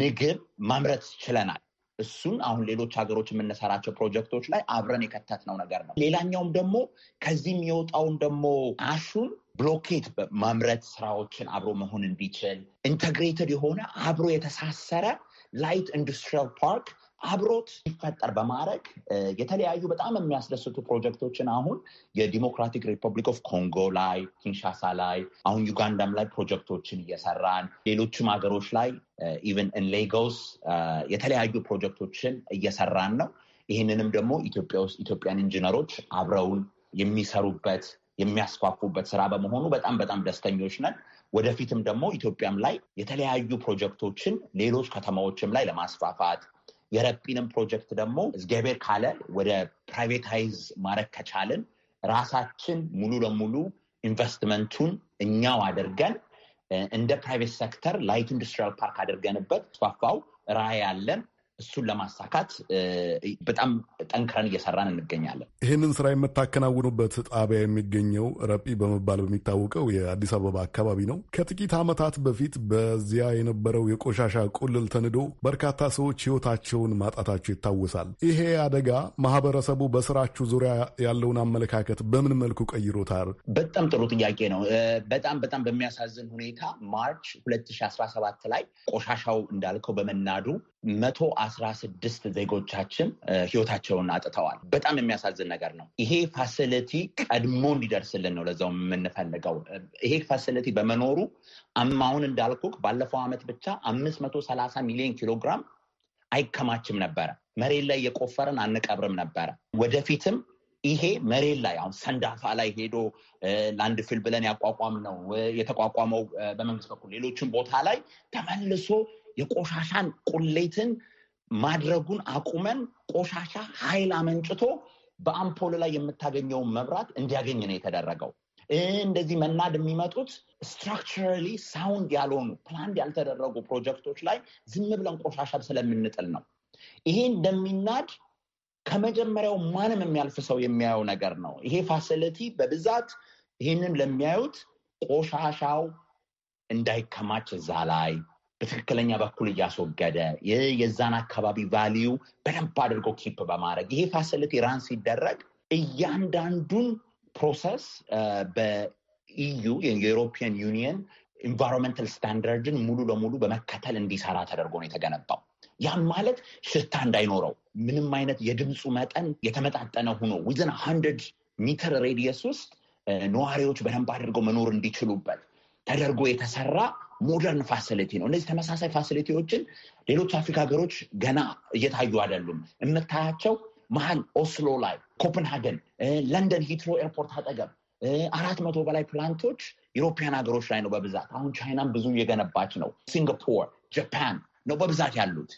ምግብ ማምረት ችለናል። እሱን አሁን ሌሎች ሀገሮች የምንሰራቸው ፕሮጀክቶች ላይ አብረን የከተትነው ነገር ነው። ሌላኛውም ደግሞ ከዚህ የሚወጣውን ደግሞ አሹን ብሎኬት ማምረት ስራዎችን አብሮ መሆን እንዲችል ኢንተግሬትድ የሆነ አብሮ የተሳሰረ ላይት ኢንዱስትሪያል ፓርክ አብሮት ሲፈጠር በማድረግ የተለያዩ በጣም የሚያስደስቱ ፕሮጀክቶችን አሁን የዲሞክራቲክ ሪፐብሊክ ኦፍ ኮንጎ ላይ፣ ኪንሻሳ ላይ፣ አሁን ዩጋንዳም ላይ ፕሮጀክቶችን እየሰራን ሌሎችም ሀገሮች ላይ ኢቨን ሌጎስ የተለያዩ ፕሮጀክቶችን እየሰራን ነው። ይህንንም ደግሞ ኢትዮጵያ ውስጥ ኢትዮጵያን ኢንጂነሮች አብረውን የሚሰሩበት የሚያስፋፉበት ስራ በመሆኑ በጣም በጣም ደስተኞች ነን። ወደፊትም ደግሞ ኢትዮጵያም ላይ የተለያዩ ፕሮጀክቶችን ሌሎች ከተማዎችም ላይ ለማስፋፋት የረጲንም ፕሮጀክት ደግሞ እግዚአብሔር ካለ ወደ ፕራይቬታይዝ ማድረግ ከቻልን ራሳችን ሙሉ ለሙሉ ኢንቨስትመንቱን እኛው አድርገን እንደ ፕራይቬት ሴክተር ላይት ኢንዱስትሪያል ፓርክ አድርገንበት ስፋፋው ራዕይ ያለን እሱን ለማሳካት በጣም ጠንክረን እየሰራን እንገኛለን። ይህንን ስራ የምታከናውኑበት ጣቢያ የሚገኘው ረጲ በመባል በሚታወቀው የአዲስ አበባ አካባቢ ነው። ከጥቂት ዓመታት በፊት በዚያ የነበረው የቆሻሻ ቁልል ተንዶ በርካታ ሰዎች ሕይወታቸውን ማጣታቸው ይታወሳል። ይሄ አደጋ ማህበረሰቡ በስራችሁ ዙሪያ ያለውን አመለካከት በምን መልኩ ቀይሮታል? በጣም ጥሩ ጥያቄ ነው። በጣም በጣም በሚያሳዝን ሁኔታ ማርች 2017 ላይ ቆሻሻው እንዳልከው በመናዱ መቶ አስራ ስድስት ዜጎቻችን ህይወታቸውን አጥተዋል። በጣም የሚያሳዝን ነገር ነው። ይሄ ፋሲሊቲ ቀድሞ እንዲደርስልን ነው ለዛው የምንፈልገው። ይሄ ፋሲሊቲ በመኖሩ አማሁን እንዳልኩክ ባለፈው ዓመት ብቻ አምስት መቶ ሰላሳ ሚሊዮን ኪሎግራም አይከማችም ነበረ። መሬት ላይ የቆፈርን አንቀብርም ነበረ። ወደፊትም ይሄ መሬት ላይ አሁን ሰንዳፋ ላይ ሄዶ ለአንድ ፊል ብለን ያቋቋም ነው የተቋቋመው በመንግስት በኩል ሌሎችን ቦታ ላይ ተመልሶ የቆሻሻን ቁሌትን ማድረጉን አቁመን ቆሻሻ ኃይል አመንጭቶ በአምፖል ላይ የምታገኘውን መብራት እንዲያገኝ ነው የተደረገው። እንደዚህ መናድ የሚመጡት ስትራክቸራሊ ሳውንድ ያልሆኑ ፕላንድ ያልተደረጉ ፕሮጀክቶች ላይ ዝም ብለን ቆሻሻ ስለምንጥል ነው። ይሄ እንደሚናድ ከመጀመሪያው ማንም የሚያልፍ ሰው የሚያየው ነገር ነው። ይሄ ፋሲሊቲ በብዛት ይህንን ለሚያዩት ቆሻሻው እንዳይከማች እዛ ላይ በትክክለኛ በኩል እያስወገደ የዛን አካባቢ ቫሊዩ በደንብ አድርጎ ኪፕ በማድረግ ይሄ ፋሲሊቲ ራን ሲደረግ እያንዳንዱን ፕሮሰስ በኢዩ የኤሮፒያን ዩኒየን ኢንቫይሮንመንታል ስታንዳርድን ሙሉ ለሙሉ በመከተል እንዲሰራ ተደርጎ ነው የተገነባው። ያም ማለት ሽታ እንዳይኖረው ምንም አይነት የድምፁ መጠን የተመጣጠነ ሆኖ ዊዝን ሀንድርድ ሚተር ሬዲየስ ውስጥ ነዋሪዎች በደንብ አድርገው መኖር እንዲችሉበት ተደርጎ የተሰራ ሞደርን ፋሲሊቲ ነው። እነዚህ ተመሳሳይ ፋሲሊቲዎችን ሌሎች አፍሪካ ሀገሮች ገና እየታዩ አይደሉም። የምታያቸው መሀል ኦስሎ ላይ፣ ኮፐንሃገን፣ ለንደን ሂትሮ ኤርፖርት አጠገብ አራት መቶ በላይ ፕላንቶች ዩሮፒያን ሀገሮች ላይ ነው በብዛት። አሁን ቻይናም ብዙ እየገነባች ነው። ሲንጋፖር፣ ጃፓን ነው በብዛት ያሉት።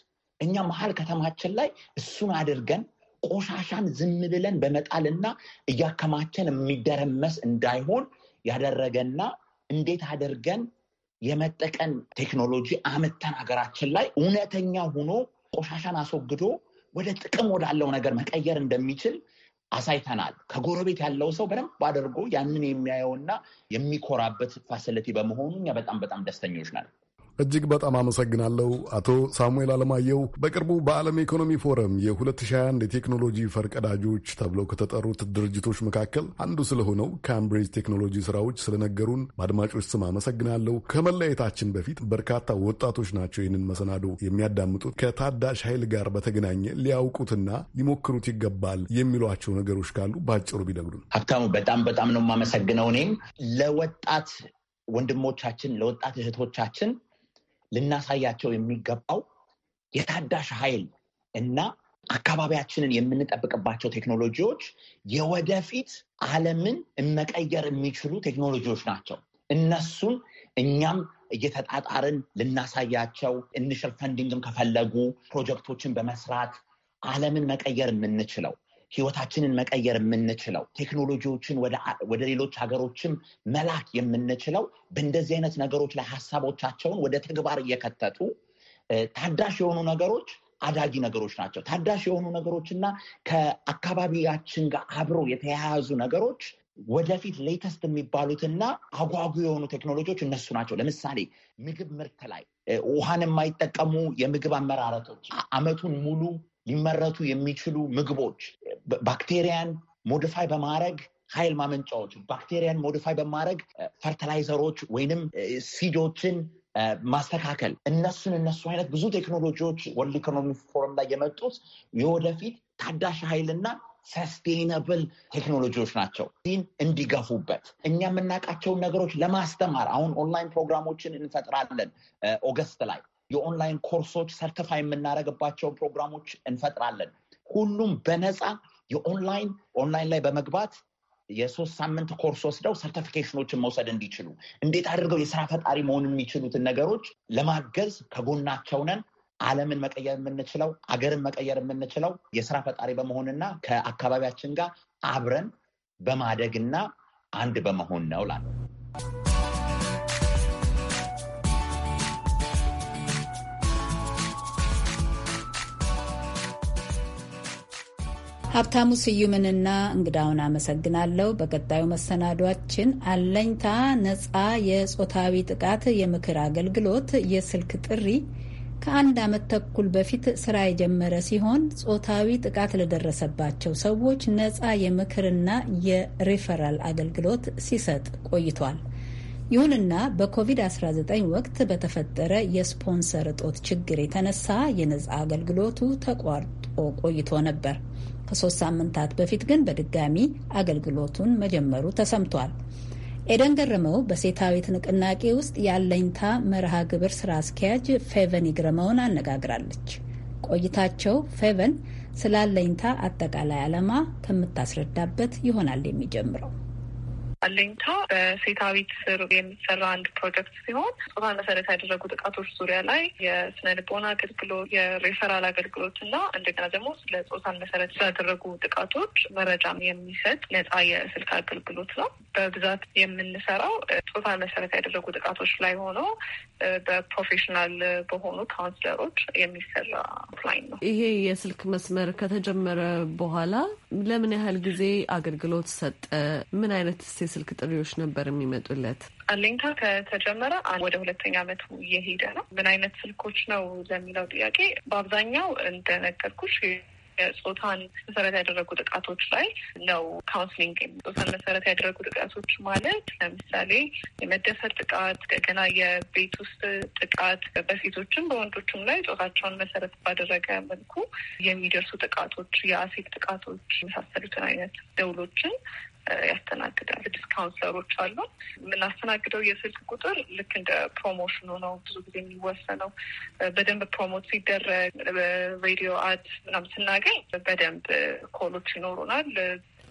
እኛ መሀል ከተማችን ላይ እሱን አድርገን ቆሻሻን ዝም ብለን በመጣልና እያከማቸን የሚደረመስ እንዳይሆን ያደረገና እንዴት አድርገን የመጠቀም ቴክኖሎጂ አመተን ሀገራችን ላይ እውነተኛ ሆኖ ቆሻሻን አስወግዶ ወደ ጥቅም ወዳለው ነገር መቀየር እንደሚችል አሳይተናል። ከጎረቤት ያለው ሰው በደንብ አድርጎ ያንን የሚያየውና የሚኮራበት ፋሲሊቲ በመሆኑ እኛ በጣም በጣም ደስተኞች ናል። እጅግ በጣም አመሰግናለሁ አቶ ሳሙኤል አለማየሁ። በቅርቡ በዓለም ኢኮኖሚ ፎረም የ2021 የቴክኖሎጂ ፈርቀዳጆች ተብለው ከተጠሩት ድርጅቶች መካከል አንዱ ስለሆነው ካምብሪጅ ቴክኖሎጂ ስራዎች ስለነገሩን በአድማጮች ስም አመሰግናለሁ። ከመለያየታችን በፊት በርካታ ወጣቶች ናቸው ይህንን መሰናዶ የሚያዳምጡት። ከታዳሽ ኃይል ጋር በተገናኘ ሊያውቁትና ሊሞክሩት ይገባል የሚሏቸው ነገሮች ካሉ በአጭሩ ቢነግሩን። ሀብታሙ፣ በጣም በጣም ነው የማመሰግነው። እኔም ለወጣት ወንድሞቻችን ለወጣት እህቶቻችን ልናሳያቸው የሚገባው የታዳሽ ኃይል እና አካባቢያችንን የምንጠብቅባቸው ቴክኖሎጂዎች የወደፊት ዓለምን መቀየር የሚችሉ ቴክኖሎጂዎች ናቸው። እነሱን እኛም እየተጣጣርን ልናሳያቸው ኢኒሻል ፈንዲንግም ከፈለጉ ፕሮጀክቶችን በመስራት ዓለምን መቀየር የምንችለው ህይወታችንን መቀየር የምንችለው ቴክኖሎጂዎችን ወደ ሌሎች ሀገሮችም መላክ የምንችለው በእንደዚህ አይነት ነገሮች ላይ ሀሳቦቻቸውን ወደ ተግባር እየከተቱ ታዳሽ የሆኑ ነገሮች አዳጊ ነገሮች ናቸው። ታዳሽ የሆኑ ነገሮች እና ከአካባቢያችን ጋር አብረው የተያያዙ ነገሮች ወደፊት ሌተስት የሚባሉትና አጓጉ የሆኑ ቴክኖሎጂዎች እነሱ ናቸው። ለምሳሌ ምግብ ምርት ላይ ውሃን የማይጠቀሙ የምግብ አመራረቶች፣ አመቱን ሙሉ ሊመረቱ የሚችሉ ምግቦች ባክቴሪያን ሞዲፋይ በማድረግ ኃይል ማመንጫዎች ባክቴሪያን ሞዲፋይ በማድረግ ፈርታላይዘሮች ወይንም ሲዶችን ማስተካከል እነሱን እነሱ አይነት ብዙ ቴክኖሎጂዎች ወርልድ ኢኮኖሚ ፎረም ላይ የመጡት የወደፊት ታዳሽ ኃይልና ሰስቴናብል ቴክኖሎጂዎች ናቸው። ይህን እንዲገፉበት እኛ የምናውቃቸውን ነገሮች ለማስተማር አሁን ኦንላይን ፕሮግራሞችን እንፈጥራለን። ኦገስት ላይ የኦንላይን ኮርሶች ሰርቲፋይ የምናደርግባቸውን ፕሮግራሞች እንፈጥራለን። ሁሉም በነፃ የኦንላይን ኦንላይን ላይ በመግባት የሶስት ሳምንት ኮርስ ወስደው ሰርተፊኬሽኖችን መውሰድ እንዲችሉ እንዴት አድርገው የስራ ፈጣሪ መሆን የሚችሉትን ነገሮች ለማገዝ ከጎናቸው ነን። ዓለምን መቀየር የምንችለው አገርን መቀየር የምንችለው የስራ ፈጣሪ በመሆንና ከአካባቢያችን ጋር አብረን በማደግና አንድ በመሆን ነው ላለ ሀብታሙ ስዩምንና እንግዳውን አመሰግናለሁ። በቀጣዩ መሰናዷችን አለኝታ ነጻ የጾታዊ ጥቃት የምክር አገልግሎት የስልክ ጥሪ ከአንድ ዓመት ተኩል በፊት ስራ የጀመረ ሲሆን ጾታዊ ጥቃት ለደረሰባቸው ሰዎች ነጻ የምክርና የሪፈራል አገልግሎት ሲሰጥ ቆይቷል። ይሁንና በኮቪድ-19 ወቅት በተፈጠረ የስፖንሰር እጦት ችግር የተነሳ የነጻ አገልግሎቱ ተቋርጧል። ተዘግቶ ቆይቶ ነበር። ከሶስት ሳምንታት በፊት ግን በድጋሚ አገልግሎቱን መጀመሩ ተሰምቷል። ኤደን ገረመው በሴታዊት ንቅናቄ ውስጥ የአለኝታ መርሃ ግብር ስራ አስኪያጅ ፌቨን ይግረመውን አነጋግራለች። ቆይታቸው ፌቨን ስለ አለኝታ አጠቃላይ ዓላማ ከምታስረዳበት ይሆናል የሚጀምረው። አለኝታ በሴታዊት ስር የሚሰራ አንድ ፕሮጀክት ሲሆን ጾታን መሰረት ያደረጉ ጥቃቶች ዙሪያ ላይ የስነ ልቦና አገልግሎት፣ የሬፈራል አገልግሎት እና እንደገና ደግሞ ስለ ጾታን መሰረት ያደረጉ ጥቃቶች መረጃ የሚሰጥ ነጻ የስልክ አገልግሎት ነው። በብዛት የምንሰራው ጾታን መሰረት ያደረጉ ጥቃቶች ላይ ሆኖ በፕሮፌሽናል በሆኑ ካውንስለሮች የሚሰራ ኦፍላይን ነው። ይሄ የስልክ መስመር ከተጀመረ በኋላ ለምን ያህል ጊዜ አገልግሎት ሰጠ? ምን አይነት የስልክ ጥሪዎች ነበር የሚመጡለት? አለኝታ ከተጀመረ ወደ ሁለተኛ አመቱ እየሄደ ነው። ምን አይነት ስልኮች ነው ለሚለው ጥያቄ በአብዛኛው እንደነገርኩሽ የጾታን መሰረት ያደረጉ ጥቃቶች ላይ ነው ካውንስሊንግ። ጾታን መሰረት ያደረጉ ጥቃቶች ማለት ለምሳሌ የመደፈር ጥቃት፣ ገና የቤት ውስጥ ጥቃት፣ በሴቶችም በወንዶችም ላይ ጾታቸውን መሰረት ባደረገ መልኩ የሚደርሱ ጥቃቶች፣ የአሴት ጥቃቶች የመሳሰሉትን አይነት ደውሎችን ያስተናግዳል። ዲስካውንሰሮች አሉ። የምናስተናግደው የስልክ ቁጥር ልክ እንደ ፕሮሞሽኑ ነው ብዙ ጊዜ የሚወሰነው። በደንብ ፕሮሞት ሲደረግ ሬዲዮ አድ ምናምን ስናገኝ በደንብ ኮሎች ይኖሩናል።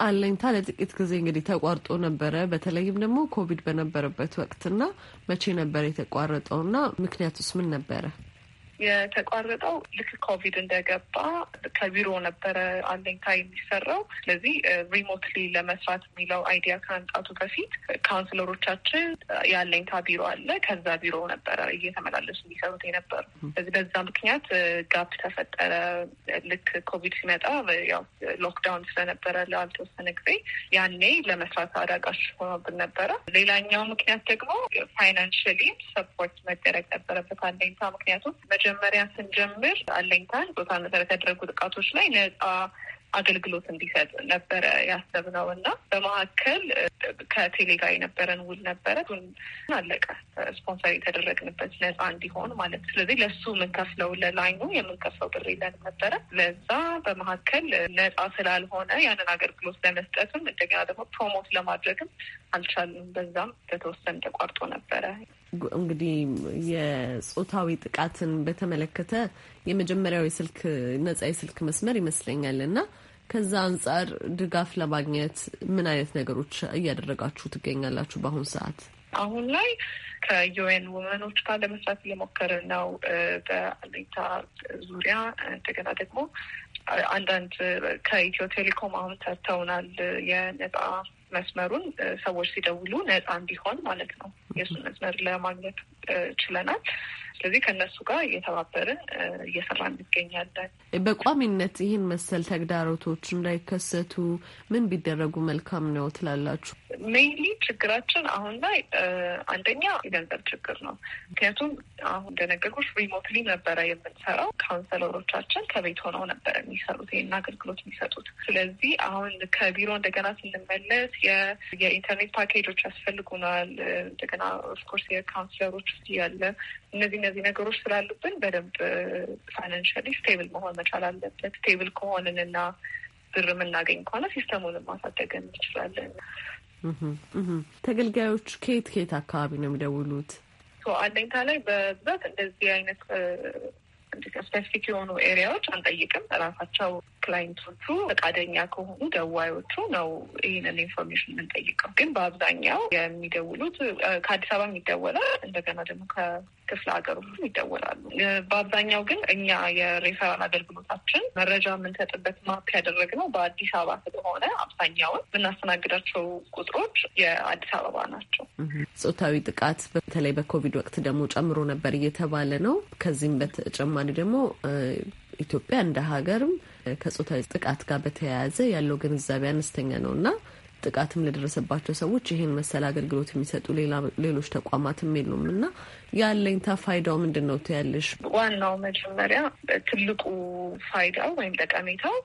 አለኝታ ለጥቂት ጊዜ እንግዲህ ተቋርጦ ነበረ። በተለይም ደግሞ ኮቪድ በነበረበት ወቅትና መቼ ነበር የተቋረጠው እና ምክንያቱስ ምን ነበረ? የተቋረጠው ልክ ኮቪድ እንደገባ ከቢሮ ነበረ አለኝታ የሚሰራው። ስለዚህ ሪሞትሊ ለመስራት የሚለው አይዲያ ከመምጣቱ በፊት ካውንስለሮቻችን የአለኝታ ቢሮ አለ፣ ከዛ ቢሮ ነበረ እየተመላለሱ የሚሰሩት የነበሩ። ስለዚህ በዛ ምክንያት ጋፕ ተፈጠረ። ልክ ኮቪድ ሲመጣ ያው ሎክዳውን ስለነበረ ለአልተወሰነ ጊዜ ያኔ ለመስራት አዳጋች ሆኖብን ነበረ። ሌላኛው ምክንያት ደግሞ ፋይናንሽሊ ሰፖርት መደረግ ነበረበት አለኝታ ምክንያቱም መጀመሪያ ስንጀምር አለኝታን ጾታን መሰረት ያደረጉ ጥቃቶች ላይ ነጻ አገልግሎት እንዲሰጥ ነበረ ያሰብነው እና በመካከል ከቴሌ ጋር የነበረን ውል ነበረ። እሱን አለቀ። ስፖንሰር የተደረግንበት ነጻ እንዲሆን ማለት ስለዚህ ለሱ የምንከፍለው ለላይኑ የምንከፍለው ብር የለንም ነበረ። ለዛ በመካከል ነጻ ስላልሆነ ያንን አገልግሎት ለመስጠትም እንደገና ደግሞ ፕሮሞት ለማድረግም አልቻልንም። በዛም በተወሰነ ተቋርጦ ነበረ። እንግዲህ የጾታዊ ጥቃትን በተመለከተ የመጀመሪያው የስልክ ነጻ የስልክ መስመር ይመስለኛል እና ከዛ አንጻር ድጋፍ ለማግኘት ምን አይነት ነገሮች እያደረጋችሁ ትገኛላችሁ በአሁኑ ሰዓት? አሁን ላይ ከዩኤን ውመኖች ጋር ለመስራት እየሞከረ ነው በአለኝታ ዙሪያ። እንደገና ደግሞ አንዳንድ ከኢትዮ ቴሌኮም አሁን ሰርተውናል የነጻ መስመሩን ሰዎች ሲደውሉ ነፃ እንዲሆን ማለት ነው። የእሱን መስመር ለማግኘት ችለናል። ስለዚህ ከእነሱ ጋር እየተባበርን እየሰራ እንገኛለን። በቋሚነት ይህን መሰል ተግዳሮቶች እንዳይከሰቱ ምን ቢደረጉ መልካም ነው ትላላችሁ? ሜይሊ ችግራችን አሁን ላይ አንደኛ የገንዘብ ችግር ነው። ምክንያቱም አሁን እንደነገርኩሽ ሪሞትሊ ነበረ የምንሰራው። ካውንሰለሮቻችን ከቤት ሆነው ነበረ የሚሰሩት ይህን አገልግሎት የሚሰጡት። ስለዚህ አሁን ከቢሮ እንደገና ስንመለስ የኢንተርኔት ፓኬጆች ያስፈልጉናል። እንደገና ኦፍኮርስ የካውንስለሮች ያለ እነዚህ እነዚህ ነገሮች ስላሉብን በደንብ ፋይናንሻሊ ስቴብል መሆን መቻል አለበት። ስቴብል ከሆንን እና ብር የምናገኝ ከሆነ ሲስተሙን ማሳደግ እንችላለን። ተገልጋዮች ከየት ከየት አካባቢ ነው የሚደውሉት? አለኝታ ላይ በብዛት እንደዚህ አይነት ስፔሲፊክ የሆኑ ኤሪያዎች አንጠይቅም። ራሳቸው ክላይንቶቹ ፈቃደኛ ከሆኑ ደዋዮቹ ነው ይህንን ኢንፎርሜሽን የምንጠይቀው። ግን በአብዛኛው የሚደውሉት ከአዲስ አበባ የሚደወላል። እንደገና ደግሞ ክፍለ ሀገሩ ይደወላሉ። በአብዛኛው ግን እኛ የሬፈራል አገልግሎታችን መረጃ የምንሰጥበት ማፕ ያደረግነው በአዲስ አበባ ስለሆነ አብዛኛውን የምናስተናግዳቸው ቁጥሮች የአዲስ አበባ ናቸው። ጾታዊ ጥቃት በተለይ በኮቪድ ወቅት ደግሞ ጨምሮ ነበር እየተባለ ነው። ከዚህም በተጨማሪ ደግሞ ኢትዮጵያ እንደ ሀገርም ከጾታዊ ጥቃት ጋር በተያያዘ ያለው ግንዛቤ አነስተኛ ነው እና ጥቃትም ለደረሰባቸው ሰዎች ይህን መሰል አገልግሎት የሚሰጡ ሌሎች ተቋማትም የሉም እና ያለኝታ ፋይዳው ምንድን ነው ትያለሽ? ዋናው መጀመሪያ ትልቁ ፋይዳው ወይም ጠቀሜታው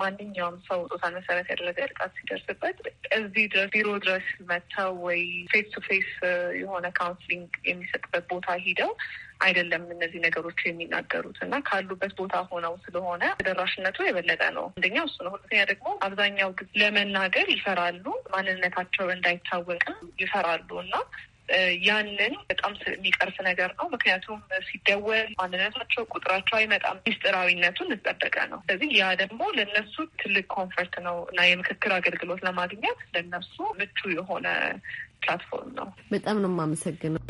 ማንኛውም ሰው ጾታ መሰረት ያደረገ ጥቃት ሲደርስበት እዚህ ድረስ ቢሮ ድረስ መጥተው ወይ ፌስ ቱ ፌስ የሆነ ካውንስሊንግ የሚሰጥበት ቦታ ሂደው አይደለም እነዚህ ነገሮች የሚናገሩት እና ካሉበት ቦታ ሆነው ስለሆነ ተደራሽነቱ የበለጠ ነው። አንደኛ እሱ ነው። ሁለተኛ ደግሞ አብዛኛው ለመናገር ይፈራሉ፣ ማንነታቸው እንዳይታወቅም ይፈራሉ እና ያንን በጣም የሚቀርስ ነገር ነው። ምክንያቱም ሲደወል ማንነታቸው፣ ቁጥራቸው አይመጣም። ሚስጥራዊነቱን እንጠበቀ ነው። ስለዚህ ያ ደግሞ ለነሱ ትልቅ ኮንፈርት ነው እና የምክክር አገልግሎት ለማግኘት ለነሱ ምቹ የሆነ ፕላትፎርም ነው። በጣም ነው የማመሰግነው።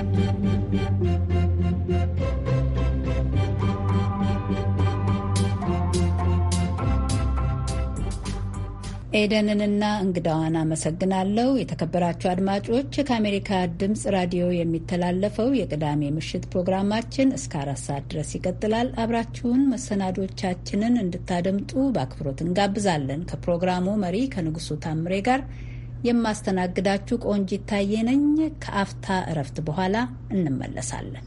ኤደንንና እንግዳዋን አመሰግናለሁ። የተከበራችሁ አድማጮች ከአሜሪካ ድምፅ ራዲዮ የሚተላለፈው የቅዳሜ ምሽት ፕሮግራማችን እስከ አራት ሰዓት ድረስ ይቀጥላል። አብራችሁን መሰናዶቻችንን እንድታደምጡ በአክብሮት እንጋብዛለን። ከፕሮግራሙ መሪ ከንጉሱ ታምሬ ጋር የማስተናግዳችሁ ቆንጂት ታዬ ነኝ። ከአፍታ እረፍት በኋላ እንመለሳለን።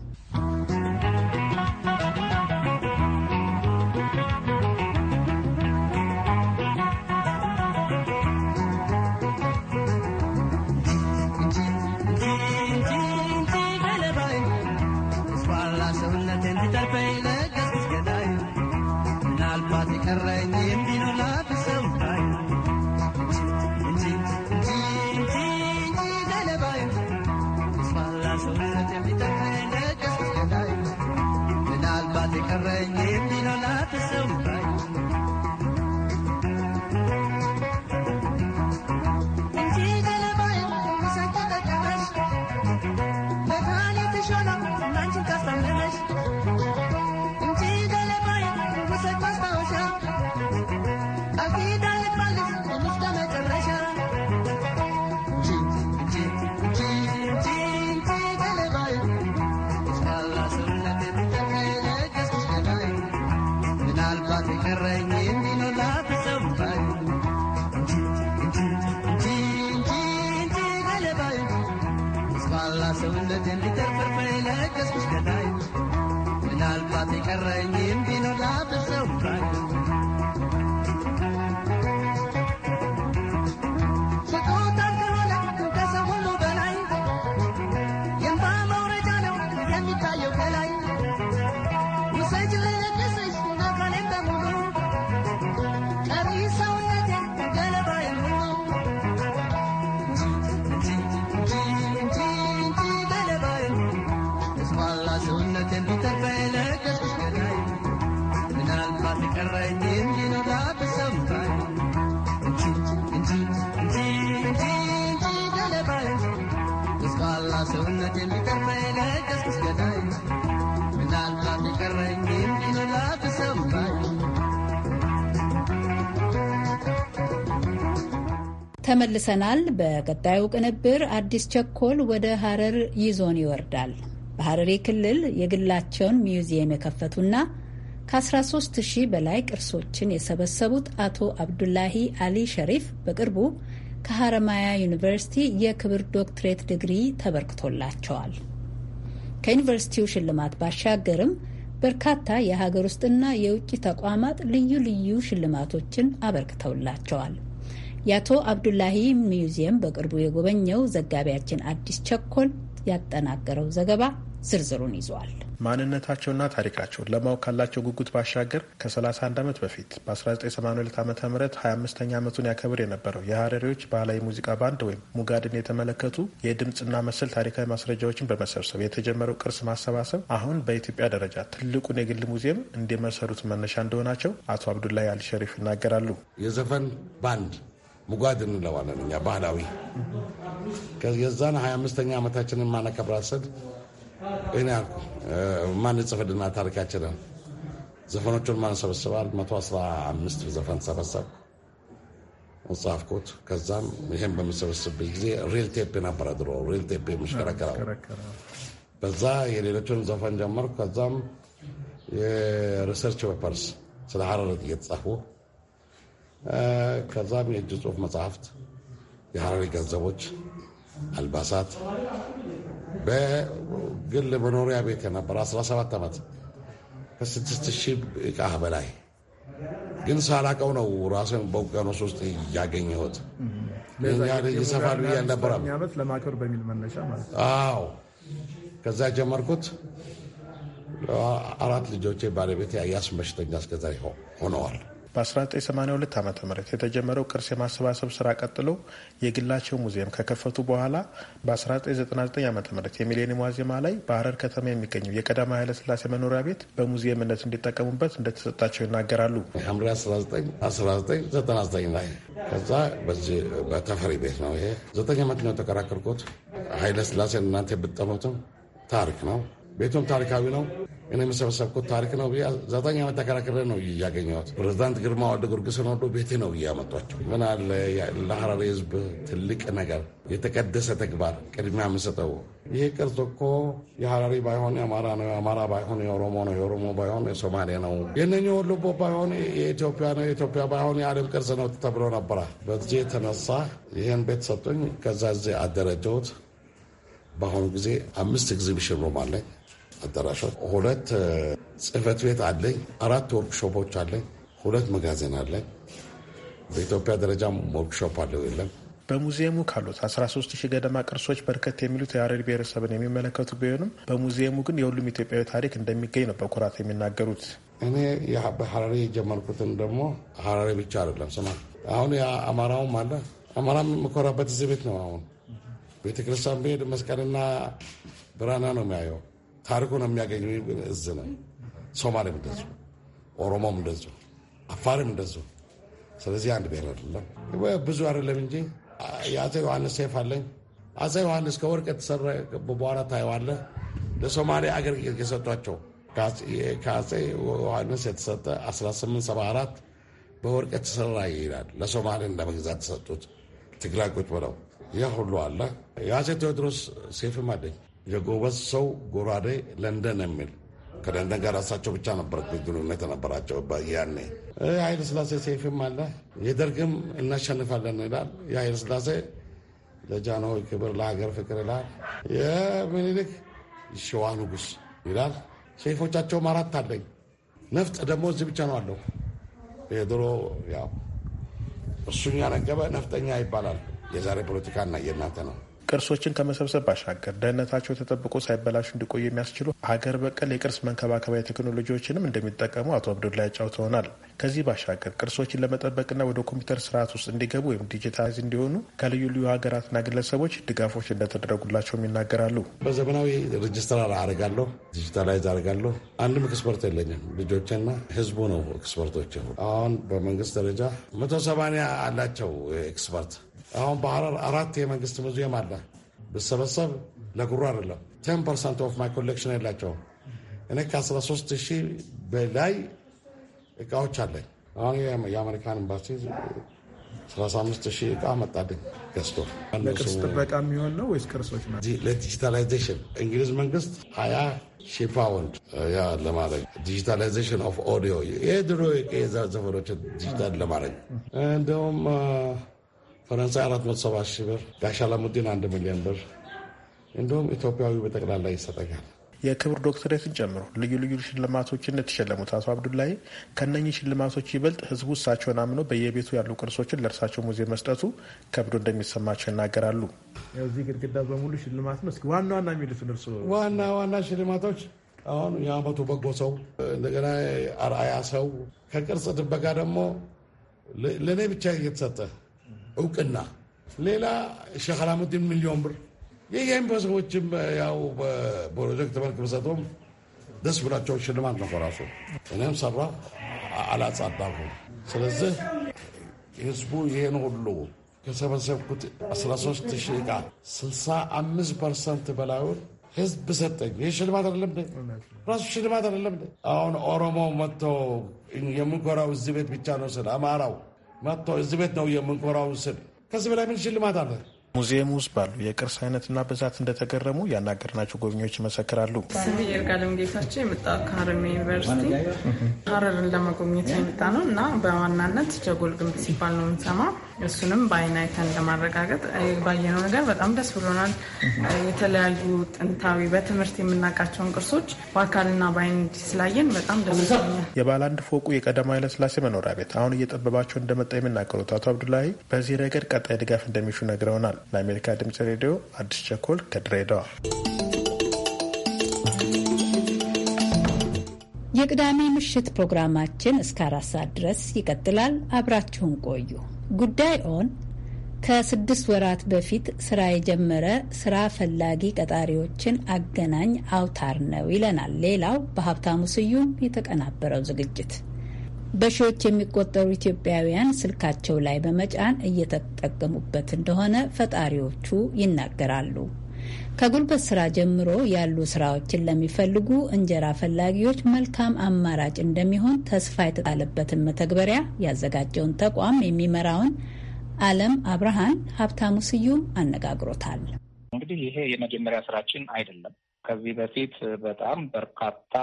ሰውነት ምናልባት የሚሉላ ተመልሰናል። በቀጣዩ ቅንብር አዲስ ቸኮል ወደ ሀረር ይዞን ይወርዳል። በሀረሪ ክልል የግላቸውን ሚውዚየም የከፈቱና ከ13 ሺህ በላይ ቅርሶችን የሰበሰቡት አቶ አብዱላሂ አሊ ሸሪፍ በቅርቡ ከሐረማያ ዩኒቨርሲቲ የክብር ዶክትሬት ዲግሪ ተበርክቶላቸዋል። ከዩኒቨርሲቲው ሽልማት ባሻገርም በርካታ የሀገር ውስጥና የውጭ ተቋማት ልዩ ልዩ ሽልማቶችን አበርክተውላቸዋል። የአቶ አብዱላሂ ሚውዚየም በቅርቡ የጎበኘው ዘጋቢያችን አዲስ ቸኮል ያጠናቀረው ዘገባ ዝርዝሩን ይዟል። ማንነታቸውና ታሪካቸውን ለማወቅ ካላቸው ጉጉት ባሻገር ከ31 ዓመት በፊት በ1982 ዓ ም 25ኛ ዓመቱን ያከብር የነበረው የሀረሪዎች ባህላዊ ሙዚቃ ባንድ ወይም ሙጋድን የተመለከቱ የድምፅና መሰል ታሪካዊ ማስረጃዎችን በመሰብሰብ የተጀመረው ቅርስ ማሰባሰብ አሁን በኢትዮጵያ ደረጃ ትልቁን የግል ሙዚየም እንደመሰሩት መነሻ እንደሆናቸው አቶ አብዱላይ አልሸሪፍ ይናገራሉ። የዘፈን ባንድ ሙጓድ እንለዋለን እኛ ባህላዊ የዛን 25ኛ ዓመታችንን ማነከብራሰድ ይህን ያልኩ ማን ጽፍልና ታሪካችንን ዘፈኖቹን ማን ሰበስባል? 115 ዘፈን ሰበሰብ ጻፍኩት። ከዛም ይህም በምሰበስብበት ጊዜ ሪል ቴፕ ነበረ ድሮ ሪል ቴፕ የሚሽከረከረው በዛ የሌሎችን ዘፈን ጀመርኩ። ከዛም የሪሰርች ፔፐርስ ስለ ሀረር እየተጻፉ ከዛም የእጅ ጽሁፍ መጽሐፍት፣ የሀረሪ ገንዘቦች፣ አልባሳት በግል መኖሪያ ቤት የነበረ 17 ዓመት ከስድስት ሺህ ዕቃ በላይ ግን ሳላቀው ነው ራሴን በውቅያኖስ ውስጥ እያገኘሁት ይሰፋል ብዬ አልነበረም። አዎ። ከዛ ጀመርኩት። አራት ልጆቼ ባለቤት ያስመሽተኛ እስከዛ ሆነዋል። በ1982 ዓ ም የተጀመረው ቅርስ የማሰባሰብ ስራ ቀጥሎ የግላቸው ሙዚየም ከከፈቱ በኋላ በ1999 ዓ ም የሚሌኒየም ዋዜማ ላይ በሀረር ከተማ የሚገኘው የቀዳማ ኃይለስላሴ መኖሪያ ቤት በሙዚየምነት እንዲጠቀሙበት እንደተሰጣቸው ይናገራሉ። ሐምሌ 1999 ላይ ከዛ በዚህ በተፈሪ ቤት ነው። ይሄ ዘጠኝ ዓመት ነው የተከራከርኩት። ኃይለሥላሴን እናንተ ብትጠሉትም ታሪክ ነው ቤቱም ታሪካዊ ነው። እኔ የምሰበሰብኩት ታሪክ ነው። ዘጠኝ ዓመት ተከራክሬ ነው እያገኘሁት። ፕሬዚዳንት ግርማ ወደ ጊዮርጊስን ወዶ ቤቴ ነው እያመጧቸው። ምን አለ ህዝብ ሕዝብ ትልቅ ነገር፣ የተቀደሰ ተግባር ቅድሚያ የምሰጠው ይሄ ቅርጽ እኮ የሀረሪ ባይሆን የአማራ ነው፣ የአማራ ባይሆን የኦሮሞ ነው፣ የኦሮሞ ባይሆን የሶማሌ ነው፣ የነኛ ወሎ ባይሆን የኢትዮጵያ ነው፣ የኢትዮጵያ ባይሆን የዓለም ቅርጽ ነው ተብሎ ነበረ። በዚህ የተነሳ ይህን ቤት ሰጡኝ። ከዛ ዜ አደረጀሁት። በአሁኑ ጊዜ አምስት ኤግዚቢሽን ሩም አለኝ። አዳራሾች፣ ሁለት ጽህፈት ቤት አለኝ፣ አራት ወርክሾፖች አለኝ፣ ሁለት መጋዘን አለኝ። በኢትዮጵያ ደረጃ ወርክሾፕ አለው የለም። በሙዚየሙ ካሉት 13 ሺህ ገደማ ቅርሶች በርከት የሚሉት የሀረሪ ብሔረሰብን የሚመለከቱ ቢሆንም በሙዚየሙ ግን የሁሉም ኢትዮጵያዊ ታሪክ እንደሚገኝ ነው በኩራት የሚናገሩት። እኔ በሀረሪ የጀመርኩትን ደግሞ ሀረሪ ብቻ አይደለም ስማ፣ አሁን አማራውም አለ። አማራም የምኮራበት እዚህ ቤት ነው። አሁን ቤተክርስቲያን ብሄድ መስቀልና ብራና ነው የሚያየው። ነው የሚያገኙ እዝ ነው። ሶማሌም እንደዚሁ፣ ኦሮሞም እንደዚሁ፣ አፋርም እንደዚሁ። ስለዚህ አንድ ብሔር አይደለም፣ ብዙ አይደለም እንጂ የአፄ ዮሐንስ ሴፍ አለኝ። አፄ ዮሐንስ ከወርቅ የተሰራ በኋላ ታየዋለ ለሶማሌ አገር የሰጧቸው ከአፄ ዮሐንስ የተሰጠ 1874 በወርቅ የተሰራ ይላል። ለሶማሌ ለመግዛት ተሰጡት። ትግራይ ቁጭ ብለው ይህ ሁሉ አለ። የአፄ ቴዎድሮስ ሴፍም አለኝ። የጎበዝ ሰው ጎራዴ ለንደን የሚል ከለንደን ጋር ራሳቸው ብቻ ነበር ግንኙነት ነበራቸው። ያኔ ኃይለ ስላሴ ሴፍም አለ የደርግም እናሸንፋለን ይላል። የኃይለ ስላሴ ለጃንሆይ ክብር ለሀገር ፍቅር ይላል። የሚኒልክ ሸዋ ንጉስ ይላል። ሴፎቻቸውም አራት አለኝ። ነፍጥ ደግሞ እዚህ ብቻ ነው አለው። የድሮ ያው እሱኛ ነገበ ነፍጠኛ ይባላል። የዛሬ ፖለቲካና የእናንተ ነው። ቅርሶችን ከመሰብሰብ ባሻገር ደህንነታቸው ተጠብቆ ሳይበላሹ እንዲቆዩ የሚያስችሉ ሀገር በቀል የቅርስ መንከባከቢያ ቴክኖሎጂዎችንም እንደሚጠቀሙ አቶ አብዱላ ያጫውተውናል። ከዚህ ባሻገር ቅርሶችን ለመጠበቅና ወደ ኮምፒውተር ስርዓት ውስጥ እንዲገቡ ወይም ዲጂታይዝ እንዲሆኑ ከልዩ ልዩ ሀገራትና ግለሰቦች ድጋፎች እንደተደረጉላቸውም ይናገራሉ። በዘመናዊ ሬጅስተር አርጋለሁ፣ ዲጂታላይዝ አርጋለሁ። አንድም ኤክስፐርት የለኝም። ልጆችና ህዝቡ ነው ኤክስፐርቶች። አሁን በመንግስት ደረጃ መቶ ሰማንያ አላቸው ኤክስፐርት አሁን በሐረር አራት የመንግስት ሙዚየም አለ። ብሰበሰብ ለጉሩ አይደለም። ቴን ፐርሰንት ኦፍ ማይ ኮሌክሽን የላቸውም። እኔ ከ ሶስት ሺህ በላይ እቃዎች አለኝ። አሁን የአሜሪካን ኤምባሲ 35 ሺህ እቃ መጣልኝ ገዝቶ ለቅርስ ጥበቃ የሚሆን ነው ወይስ ቅርሶች ለዲጂታላይዜሽን እንግሊዝ መንግስት ሀያ ሺ ፓውንድ ያ ለማድረግ ዲጂታላይዜሽን ኦፍ ኦዲዮ የድሮ ዘፈኖችን ዲጂታል ለማድረግ እንደውም ፈረንሳይ 470 ሺህ ብር፣ ጋሽ አላሙዲን 1 ሚሊዮን ብር እንዲሁም ኢትዮጵያዊ በጠቅላላ ይሰጠኛል። የክብር ዶክትሬትን ጨምሮ ልዩ ልዩ ሽልማቶችን የተሸለሙት አቶ አብዱላይ ከነኚህ ሽልማቶች ይበልጥ ህዝቡ እሳቸውን አምኖ በየቤቱ ያሉ ቅርሶችን ለእርሳቸው ሙዚየም መስጠቱ ከብዶ እንደሚሰማቸው ይናገራሉ። እዚህ ግድግዳ በሙሉ ሽልማት ነው። እስኪ ዋና ዋና የሚሉትን እርስ ዋና ዋና ሽልማቶች አሁን የአመቱ በጎ ሰው፣ እንደገና አርአያ ሰው፣ ከቅርጽ ጥበቃ ደግሞ ለእኔ ብቻ እየተሰጠ እውቅና፣ ሌላ ሸኸላሙዲን ሚሊዮን ብር የየኤምባ ሰዎችም ያው በፕሮጀክት መልክ በሰጠውም ደስ ብላቸው ሽልማት ነው ራሱ እኔም ሰራ አላጻዳሁ ስለዚህ ህዝቡ ይህን ሁሉ ከሰበሰብኩት 13 ሺህ ዕቃ 65 ፐርሰንት በላዩን ህዝብ ሰጠኝ። ይህ ሽልማት አይደለም ራሱ ሽልማት አይደለም። አሁን ኦሮሞ መጥቶ የምንኮራው እዚህ ቤት ብቻ ነው ስለ አማራው መጥተው እዚህ ቤት ነው የምንኮራው ስል ከዚህ በላይ ምን ሽልማት አለ? ሙዚየም ውስጥ ባሉ የቅርስ አይነትና ብዛት እንደተገረሙ ያናገርናቸው ጎብኚዎች ይመሰክራሉ። ስሜ የቃለም ጌታቸው የመጣ ከሀረማያ ዩኒቨርሲቲ ሀረርን ለመጎብኘት የመጣ ነው እና በዋናነት ጀጎል ግንብ ሲባል ነው የምንሰማው እሱንም በአይን አይተን ለማረጋገጥ ባየነው ነገር በጣም ደስ ብሎናል። የተለያዩ ጥንታዊ በትምህርት የምናውቃቸውን ቅርሶች በአካልና በአይን ስላየን በጣም ደስ ብሎናል። የባለ አንድ ፎቁ የቀዳማዊ ለስላሴ መኖሪያ ቤት አሁን እየጠበባቸው እንደመጣ የሚናገሩት አቶ አብዱላሂ በዚህ ረገድ ቀጣይ ድጋፍ እንደሚሹ ነግረውናል። ለአሜሪካ ድምጽ ሬዲዮ አዲስ ቸኮል ከድሬዳዋ። የቅዳሜ ምሽት ፕሮግራማችን እስከ አራት ሰዓት ድረስ ይቀጥላል። አብራችሁን ቆዩ። ጉዳይ ኦን ከስድስት ወራት በፊት ስራ የጀመረ ስራ ፈላጊ ቀጣሪዎችን አገናኝ አውታር ነው ይለናል። ሌላው በሀብታሙ ስዩም የተቀናበረው ዝግጅት በሺዎች የሚቆጠሩ ኢትዮጵያውያን ስልካቸው ላይ በመጫን እየተጠቀሙበት እንደሆነ ፈጣሪዎቹ ይናገራሉ። ከጉልበት ስራ ጀምሮ ያሉ ስራዎችን ለሚፈልጉ እንጀራ ፈላጊዎች መልካም አማራጭ እንደሚሆን ተስፋ የተጣለበትን መተግበሪያ ያዘጋጀውን ተቋም የሚመራውን አለም አብርሃን ሀብታሙ ስዩም አነጋግሮታል። እንግዲህ ይሄ የመጀመሪያ ስራችን አይደለም። ከዚህ በፊት በጣም በርካታ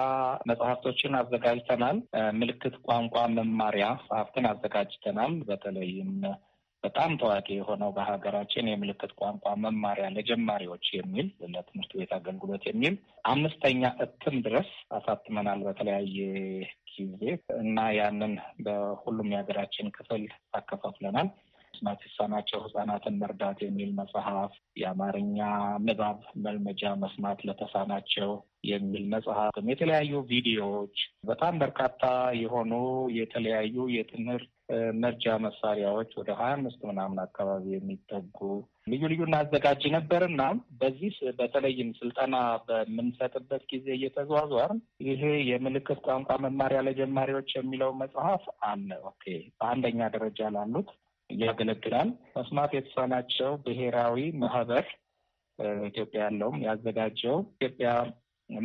መጽሐፍቶችን አዘጋጅተናል። ምልክት ቋንቋ መማሪያ መጽሐፍትን አዘጋጅተናል። በተለይም በጣም ታዋቂ የሆነው በሀገራችን የምልክት ቋንቋ መማሪያ ለጀማሪዎች የሚል ለትምህርት ቤት አገልግሎት የሚል አምስተኛ እትም ድረስ አሳትመናል በተለያየ ጊዜ እና ያንን በሁሉም የሀገራችን ክፍል አከፋፍለናል። መስማት የተሳናቸው ህጻናትን መርዳት የሚል መጽሐፍ፣ የአማርኛ ንባብ መልመጃ መስማት ለተሳናቸው የሚል መጽሐፍ፣ የተለያዩ ቪዲዮዎች፣ በጣም በርካታ የሆኑ የተለያዩ የትምህርት መርጃ መሳሪያዎች ወደ ሀያ አምስት ምናምን አካባቢ የሚጠጉ ልዩ ልዩ እናዘጋጅ ነበር እና በዚህ በተለይም ስልጠና በምንሰጥበት ጊዜ እየተዟዟር ይሄ የምልክት ቋንቋ መማሪያ ለጀማሪዎች የሚለው መጽሐፍ አለ። ኦኬ በአንደኛ ደረጃ ላሉት ያገለግላል። መስማት የተሳናቸው ብሔራዊ ማህበር ኢትዮጵያ ያለውም ያዘጋጀው ኢትዮጵያ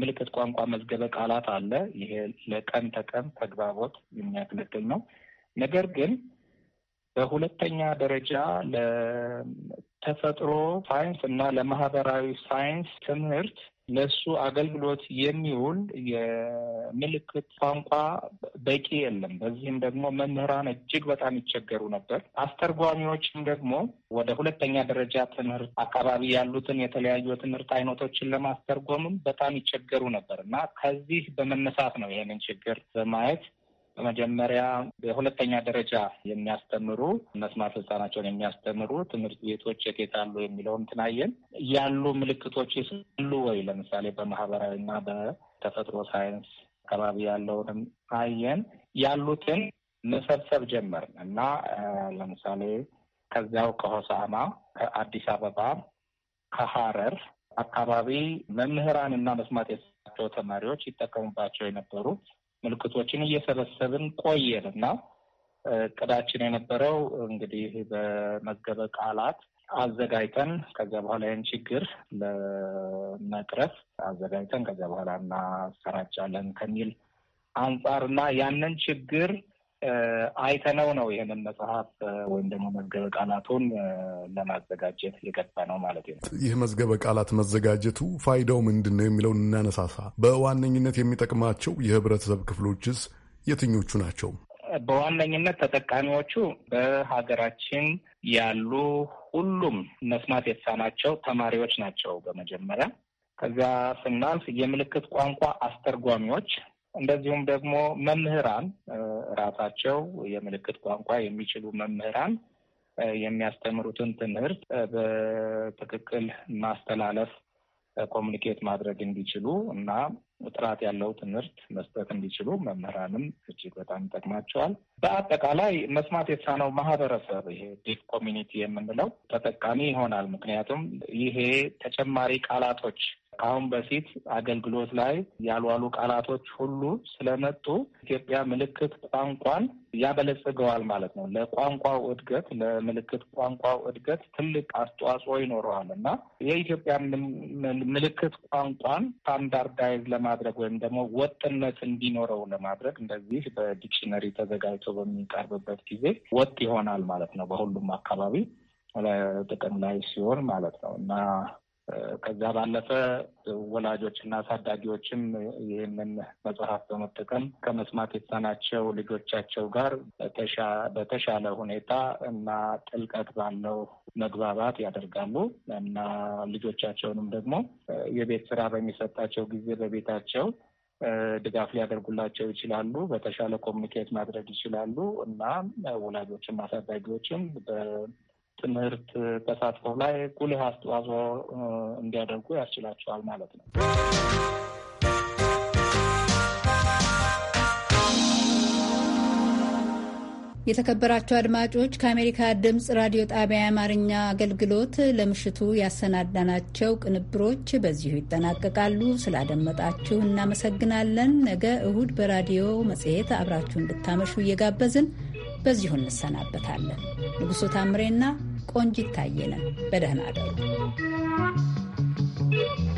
ምልክት ቋንቋ መዝገበ ቃላት አለ። ይሄ ለቀን ተቀን ተግባቦት የሚያገለግል ነው። ነገር ግን በሁለተኛ ደረጃ ለተፈጥሮ ሳይንስ እና ለማህበራዊ ሳይንስ ትምህርት ለሱ አገልግሎት የሚውል የምልክት ቋንቋ በቂ የለም። በዚህም ደግሞ መምህራን እጅግ በጣም ይቸገሩ ነበር። አስተርጓሚዎችም ደግሞ ወደ ሁለተኛ ደረጃ ትምህርት አካባቢ ያሉትን የተለያዩ የትምህርት አይነቶችን ለማስተርጎምም በጣም ይቸገሩ ነበር እና ከዚህ በመነሳት ነው ይሄንን ችግር በማየት በመጀመሪያ በሁለተኛ ደረጃ የሚያስተምሩ መስማት ህጻናቸውን የሚያስተምሩ ትምህርት ቤቶች የት አሉ የሚለውን ትናየን ያሉ ምልክቶች አሉ ወይ ለምሳሌ በማህበራዊ እና በተፈጥሮ ሳይንስ አካባቢ ያለውንም አየን። ያሉትን መሰብሰብ ጀመር እና ለምሳሌ ከዚያው ከሆሳማ፣ ከአዲስ አበባ፣ ከሀረር አካባቢ መምህራን እና መስማት የተሳናቸው ተማሪዎች ይጠቀሙባቸው የነበሩት ምልክቶችን እየሰበሰብን ቆየን እና እቅዳችን የነበረው እንግዲህ በመዝገበ ቃላት አዘጋጅተን ከዚያ በኋላ ይህን ችግር ለመቅረፍ አዘጋጅተን ከዚያ በኋላ እናሰራጫለን ከሚል አንጻርና ያንን ችግር አይተነው ነው ይህንን መጽሐፍ ወይም ደግሞ መዝገበ ቃላቱን ለማዘጋጀት የገባ ነው ማለት ነው። ይህ መዝገበ ቃላት መዘጋጀቱ ፋይዳው ምንድን ነው የሚለውን እናነሳሳ። በዋነኝነት የሚጠቅማቸው የህብረተሰብ ክፍሎችስ የትኞቹ ናቸው? በዋነኝነት ተጠቃሚዎቹ በሀገራችን ያሉ ሁሉም መስማት የተሳናቸው ተማሪዎች ናቸው በመጀመሪያ ከዚያ ስናልፍ የምልክት ቋንቋ አስተርጓሚዎች እንደዚሁም ደግሞ መምህራን ራሳቸው የምልክት ቋንቋ የሚችሉ መምህራን የሚያስተምሩትን ትምህርት በትክክል ማስተላለፍ ኮሚኒኬት ማድረግ እንዲችሉ እና ጥራት ያለው ትምህርት መስጠት እንዲችሉ መምህራንም እጅግ በጣም ይጠቅማቸዋል። በአጠቃላይ መስማት የተሳነው ማህበረሰብ ይሄ ዲፍ ኮሚኒቲ የምንለው ተጠቃሚ ይሆናል። ምክንያቱም ይሄ ተጨማሪ ቃላቶች ከአሁን በፊት አገልግሎት ላይ ያልዋሉ ቃላቶች ሁሉ ስለመጡ ኢትዮጵያ ምልክት ቋንቋን ያበለጽገዋል ማለት ነው። ለቋንቋው እድገት፣ ለምልክት ቋንቋው እድገት ትልቅ አስተዋጽኦ ይኖረዋል እና የኢትዮጵያ ምልክት ቋንቋን ስታንዳርዳይዝ ለማ ለማድረግ ወይም ደግሞ ወጥነት እንዲኖረው ለማድረግ እንደዚህ በዲክሽነሪ ተዘጋጅቶ በሚቀርብበት ጊዜ ወጥ ይሆናል ማለት ነው። በሁሉም አካባቢ ጥቅም ላይ ሲሆን ማለት ነው እና ከዛ ባለፈ ወላጆች እና አሳዳጊዎችም ይህንን መጽሐፍ በመጠቀም ከመስማት የተሳናቸው ልጆቻቸው ጋር በተሻለ ሁኔታ እና ጥልቀት ባለው መግባባት ያደርጋሉ እና ልጆቻቸውንም ደግሞ የቤት ስራ በሚሰጣቸው ጊዜ በቤታቸው ድጋፍ ሊያደርጉላቸው ይችላሉ። በተሻለ ኮሚኒኬት ማድረግ ይችላሉ እና ወላጆችም አሳዳጊዎችም ትምህርት ተሳትፎ ላይ ጉልህ አስተዋጽኦ እንዲያደርጉ ያስችላቸዋል ማለት ነው። የተከበራቸው አድማጮች ከአሜሪካ ድምፅ ራዲዮ ጣቢያ የአማርኛ አገልግሎት ለምሽቱ ያሰናዳናቸው ቅንብሮች በዚሁ ይጠናቀቃሉ። ስላደመጣችሁ እናመሰግናለን። ነገ እሁድ በራዲዮ መጽሔት አብራችሁ እንድታመሹ እየጋበዝን በዚሁ እንሰናበታለን። ንጉሡ ታምሬና ቆንጂት ታየነን በደህና አደሩ። Thank you.